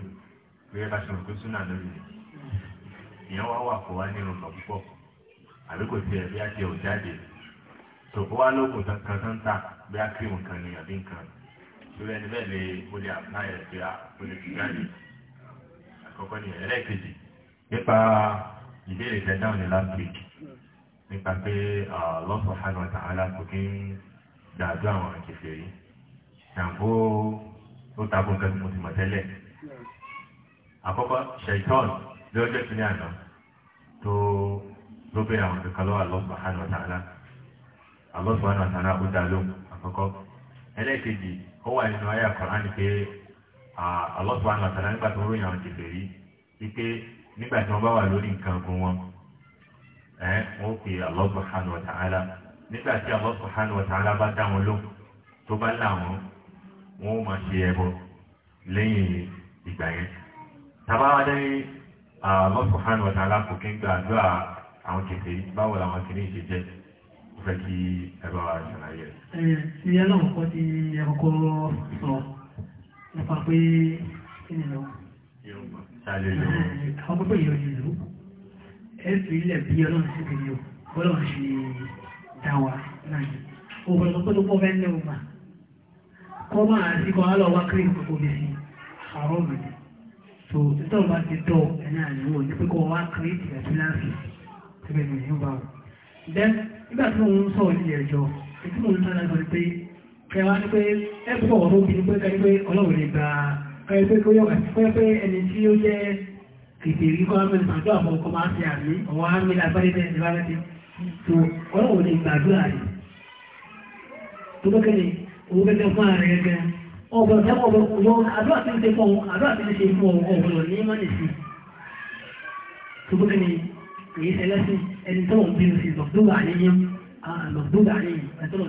pé bá ṣe mọ̀ pé súnà lórí rẹ̀ ìyẹn wá wà kó wá ní irun gbọ̀n púpọ̀ a ti ò jáde tó ó wá lóògùn kankan tó ń a kírun kan ní àbí nǹkan lórí ẹni bẹ́ẹ̀ lè mo lè àpáyé rẹ̀ pé mo lè fi jáde àkọ́kọ́ nìyẹn ẹlẹ́ẹ̀kejì nípa nípa pé Allah subhanahu wa ta'ala kò kí ń dàdú àwọn kẹfẹ́ yìí ṣàǹfó ó takò nǹkan tí mo ti mọ̀ tẹ́lẹ̀ àkọ́kọ́ ṣèitọ́n lọ́jọ́ kìíní àná tó ló bẹ̀rẹ̀ àwọn kankan lọ́wọ́ Allah subhanahu wa ta'ala Allah subhanahu wa ta'ala ó dá lóhùn àkọ́kọ́ ẹlẹ́ẹ̀kejì ó wà nínú ayé àkọ́rán ni pé Allah subhanahu wa nígbà tó ń ẹ wọn pe Allah subhanahu wa ta'ala nígbà tí Allah subhanahu wa ta'ala bá dá wọn lóhùn tó bá là wọn wọn ó máa ṣe ẹbọ lẹ́yìn ìgbà yẹn tabawa dẹ Allah subhanahu wa ta'ala kò kí n gba àdúrà àwọn kìkì báwo làwọn kìkì ṣe jẹ fẹ́ kí ẹbọ wa ṣàlàyé rẹ. ẹ kọ́ ti ẹ̀rọ sọ nípa pé kí ni lọ. yorùbá ṣáà lè lọ. àwọn pípé yìí ò ẹ̀fì ilẹ̀ bí ọlọ́run sí ìlú ọlọ́run ṣe dáwà náà òun ló pẹ́lú pọ́fẹ́ ní ọgbà kọ́ máa sí kan lọ wá kí ìkókò bí sí àárọ̀ mi tó títọ́ bá ti tọ́ ẹni àyẹ̀wò ní pípọ́ wá kí ìtì àti láàfin síbẹ̀ ní ìyẹn bá wọn. then nígbà tí mo ń sọ ní ẹjọ́ ètí mo ń sọ láti sọ pé kẹwa ni pé ẹ pọ̀ ọ̀rọ̀ obìnrin pé kẹ́ pé ọlọ́run lè tètè rí kọ́ mẹ́rin pàdó àwọn ọkọ̀ máa ń ṣe àmì ọwọ́ àmì agbáyé bẹ́ẹ̀ ní báyé tó ọlọ́wọ́ lè gbàdúrà rẹ̀ tó bẹ́kẹ́ ni owó gẹ́gẹ́ fún ààrẹ gẹ́gẹ́ ọgbọ̀n tẹ́ ọgbọ̀n ọgbọ̀n àdúrà tí ń ṣe fún àdúrà tí ń ṣe fún ọgbọ̀n ní mọ́nì sí tó bẹ́kẹ́ ni èyí ẹlẹ́sìn ẹni tó ń bínú sí lọ́gbọ́gbà àníyàn lọ́gbọ́gbà àníyàn ẹni tó ń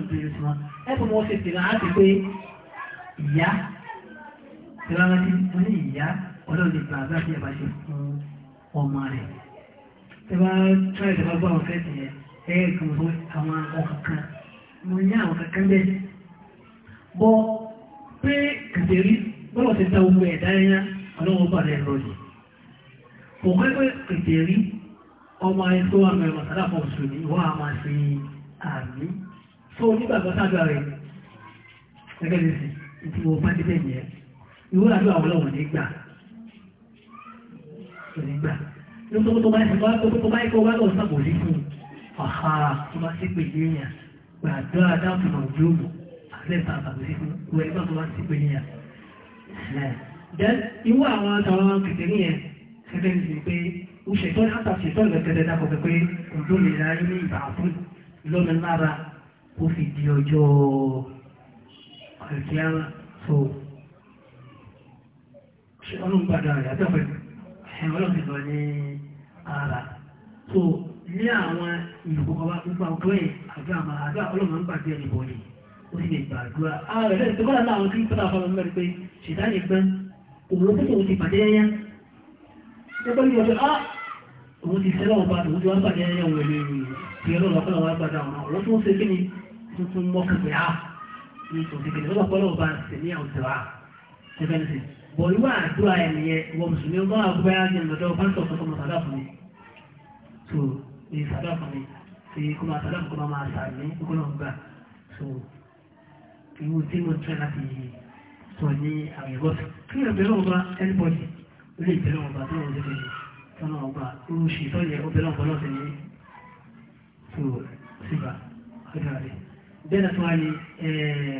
bínú sí wọn ọmọ rẹ̀ tí bá tíráì tí bá gbọ́ àwọn fẹ́ẹ̀tì yẹn ẹ̀yẹ gbogbo àwọn ọkàn mo ní àwọn kankan bẹ́ẹ̀ bọ́ pé kìtẹ̀rí bọ́lọ̀ ti ta ogun ẹ̀dá ẹ̀yá ọlọ́wọ́ bà rẹ̀ lọ yìí kò pẹ́ pé kìtẹ̀rí ọmọ ayé tó wà mẹ́rin màtàlá fọ́ mùsùlùmí wọ́n a máa ṣe àmì tó onígbàgbọ́ sáàdúrà rẹ̀ gẹ́gẹ́ bí sí ìtìwọ̀ bá dé bẹ́ẹ̀ yẹn ìwé àdúrà ọlọ́wọ́ nígbà kò ní gbà nítorí tó bá yẹ kó bá yẹ kó bá lọ sábò ní fún ọ̀hà tó bá sí pè ní èèyàn gbàdúrà dáàbòbò ojú òmù àlẹ́ta àbàbò sí fún ìwé ẹgbẹ́ tó bá sí pè ní èèyàn. then irú àwọn àtàwọn kìtìrì yẹn kẹfẹ́ ní pé ó ṣètò àtà ṣètò ìrẹ̀kẹ̀dẹ̀ dákọ̀ pé pé òjò lè ra ilé ìbà fún lọ́nà lára kó fi di ọjọ́ ọ̀rẹ́kíára so ṣe ọlọ́run gbàdúrà rẹ̀ àtẹ́fẹ́ ọlọ́run ti sọ ní ara so ní àwọn ìfowópamọ́ nípa ọgbọ́n yẹn àdúrà máa àdúrà ọlọ́run máa ń gbàgbé ẹni ni ó sì lè gbàdúrà àwọn ẹ̀rẹ́ tó bọ́lá láwọn kí tọ́lá fọlọ́ mẹ́rin pé ṣètàn ìgbẹ́ òun tó tòun ti ah òun ti sẹ́lọ̀ ọba òun ti wá pàdé ẹyá òun ẹ̀mí ti ọlọ́run ọpọlọ wá gbàdá ọ̀nà òun tó ṣe ni tuntun mọ́kànlá ah! ní tòun ti kẹ́ni ọlọ́pọlọ ọba sẹ́fẹ̀ǹsì bọ̀ ìwà àdúrà ẹ̀nìyẹ wọ mùsùlùmí ọgbọ́n àgbẹ̀ ajé lọ́dọ̀ pásítọ̀ tó kọ́mọ sàdá fún mi so ní sàdá fún mi tí kọ́mọ sàdá fún kọ́mọ máa sà ní kọ́mọ gbà so ìwú tí mo tẹ́ láti sọ ní àwọn ẹ̀gọ́ kí ni ọ̀bẹ̀rẹ̀ ọba ẹnibọ́dì ó lè bẹ̀rẹ̀ ọba tó lọ́wọ́ lẹ́gbẹ̀ẹ́ tọ́nà ọba irú ṣì tọ́yẹ ọbẹ̀rẹ̀ ọba lọ́sẹ̀ ní so síbà ọjọ́ rẹ̀ bẹ́ẹ̀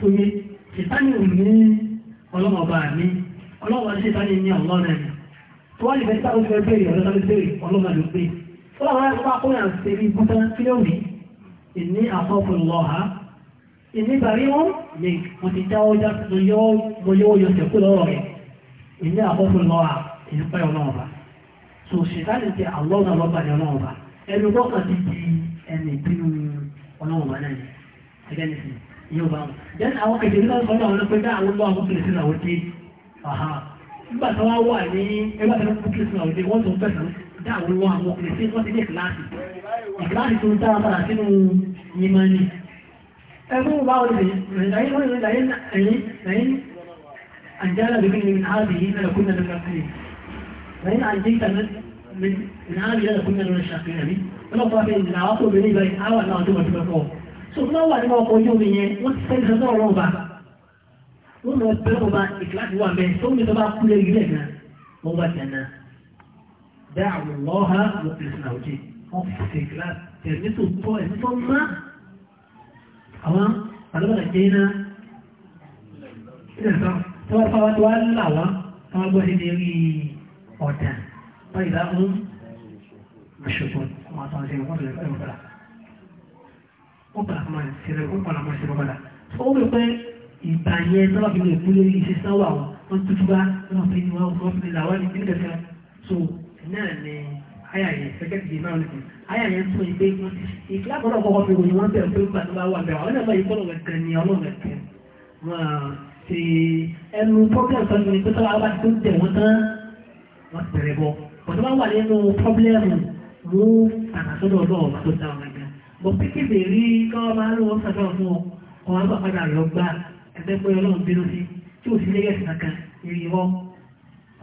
fún mi ṣètánì ò ní ọlọ́mọba mi ọlọ́mọ ṣètánì ní ọlọ́run ẹ̀ tó wá lè fẹ́ sáré fẹ́ bèrè ọ̀rẹ́ sáré bèrè ọlọ́mọ ló pé tó wà wá wá kó yàn ṣe ní búta kí ló mi ìní àkọ́kọ́ lọ ha ìní bàrí wọn ni mo ti jáwọ́ já mo yọ mo yọ yọ sẹ́kù lọ́rọ̀ rẹ̀ ìní àkọ́kọ́ lọ ha ìní pẹ́ ọlọ́mọba so ṣètánì ti àlọ́run ọlọ́ba ni ọlọ́mọba ẹnu gbọ́kàn ti di ẹni ìbínú ọlọ́mọba náà ni ẹgẹ́ nísìnyí yóò bá wọn then àwọn kẹ̀kẹ́ náà sọ́dọ̀ àwọn ọlọ́pẹ́ dá àwọn ọlọ́ àwọn kìlẹ̀ sínú àwọn dé nígbà tó wá wà ní ẹgbẹ́ tó kú kìlẹ̀ sínú àwọn dé wọ́n tó ń bẹ̀rẹ̀ dá àwọn ọlọ́ àwọn kìlẹ̀ sí wọ́n ti ní ìkìláàsì ìkìláàsì tó ń dára padà sínú yimani ẹgbẹ́ wọn bá wọn lè rìn lẹ́yìn àjálà bí kìlẹ̀ ní àbí ẹlẹ́kùn náà lọ́kàn kìlẹ̀ lẹ́yìn àjẹ́kà ní àbí ẹlẹ́kùn náà lọ́kàn kìlẹ̀ ṣùgbọ́n wà nínú ọkọ̀ ojú omi yẹn wọ́n ti sẹ́ni sọ́dọ̀ ọ̀rọ̀ ọba wọ́n lọ bẹ́ẹ̀ ọba ìkíláàsì wà bẹ́ẹ̀ tó ń bẹ́ẹ̀ bá kúlẹ̀ ilẹ̀ náà wọ́n bá jẹ̀ náà bẹ́ẹ̀ àwọn lọ́ha ló ti sìn àwùjẹ wọ́n fi ṣe ìkíláàsì tẹ̀lé tó tọ́ ẹ̀mí tó má àwọn àdébàlà jẹ́ iná ilẹ̀ sọ́ọ̀ tọ́wọ́ fáwọn tó wá là wá tọ́wọ́ gbọ́ sí ní ọ̀dà báyìí láwọn aṣọ́gbọ́n wọn àtàwọn ẹ̀wọ̀n ó bá a máa ṣẹlẹ̀ ó padà máa ṣe bàbàdà tó ó wẹ̀ pé ìgbà yẹn náà fi lè kúlé iṣẹ́ sáwà wọn wọ́n tuntun bá náà fi wọ́n wọ́n fi lè làwọn ní kílẹ̀ kan so náà ni àyà yẹn gẹ́gẹ́ bí náà nìkan àyà yẹn tún ìgbé wọn ti ìkílá kan ni ọlọ́run gẹ̀gẹ̀ wọn ti ẹnu pọ́blẹ́mù kan ní pẹ́tọ́ àwọn bá ti tó ń tẹ̀ wọ́n tán wọ́n ti bẹ̀rẹ̀ bọ́ bọ̀dọ́ bá wà òfin kéde rí káwọn bá lówó sàdọ̀ fún ọ ọmọ àgbà padà lọ gbà ẹgbẹ́ pé ọlọ́run bínú sí tí ò sí lẹ́yẹ̀ sàkàn ìrìnwọ́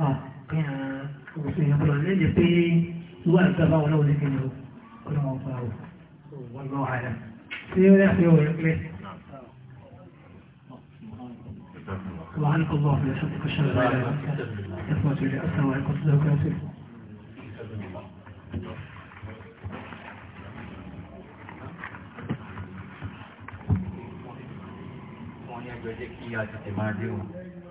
ọ̀kẹ́yà òfin ìyàbọ̀lọ̀ lẹ́yìn pé ìwà ìjọba wọn lọ́wọ́ lẹ́gbẹ̀ẹ́ lọ ọlọ́wọ́ bá wọ wọ́n lọ́wọ́ àyà tí ó rẹ̀ àfihàn rẹ̀ pẹ́ وعنك الله ẹjọ́ jẹ́ kí a tètè máa dé wọn.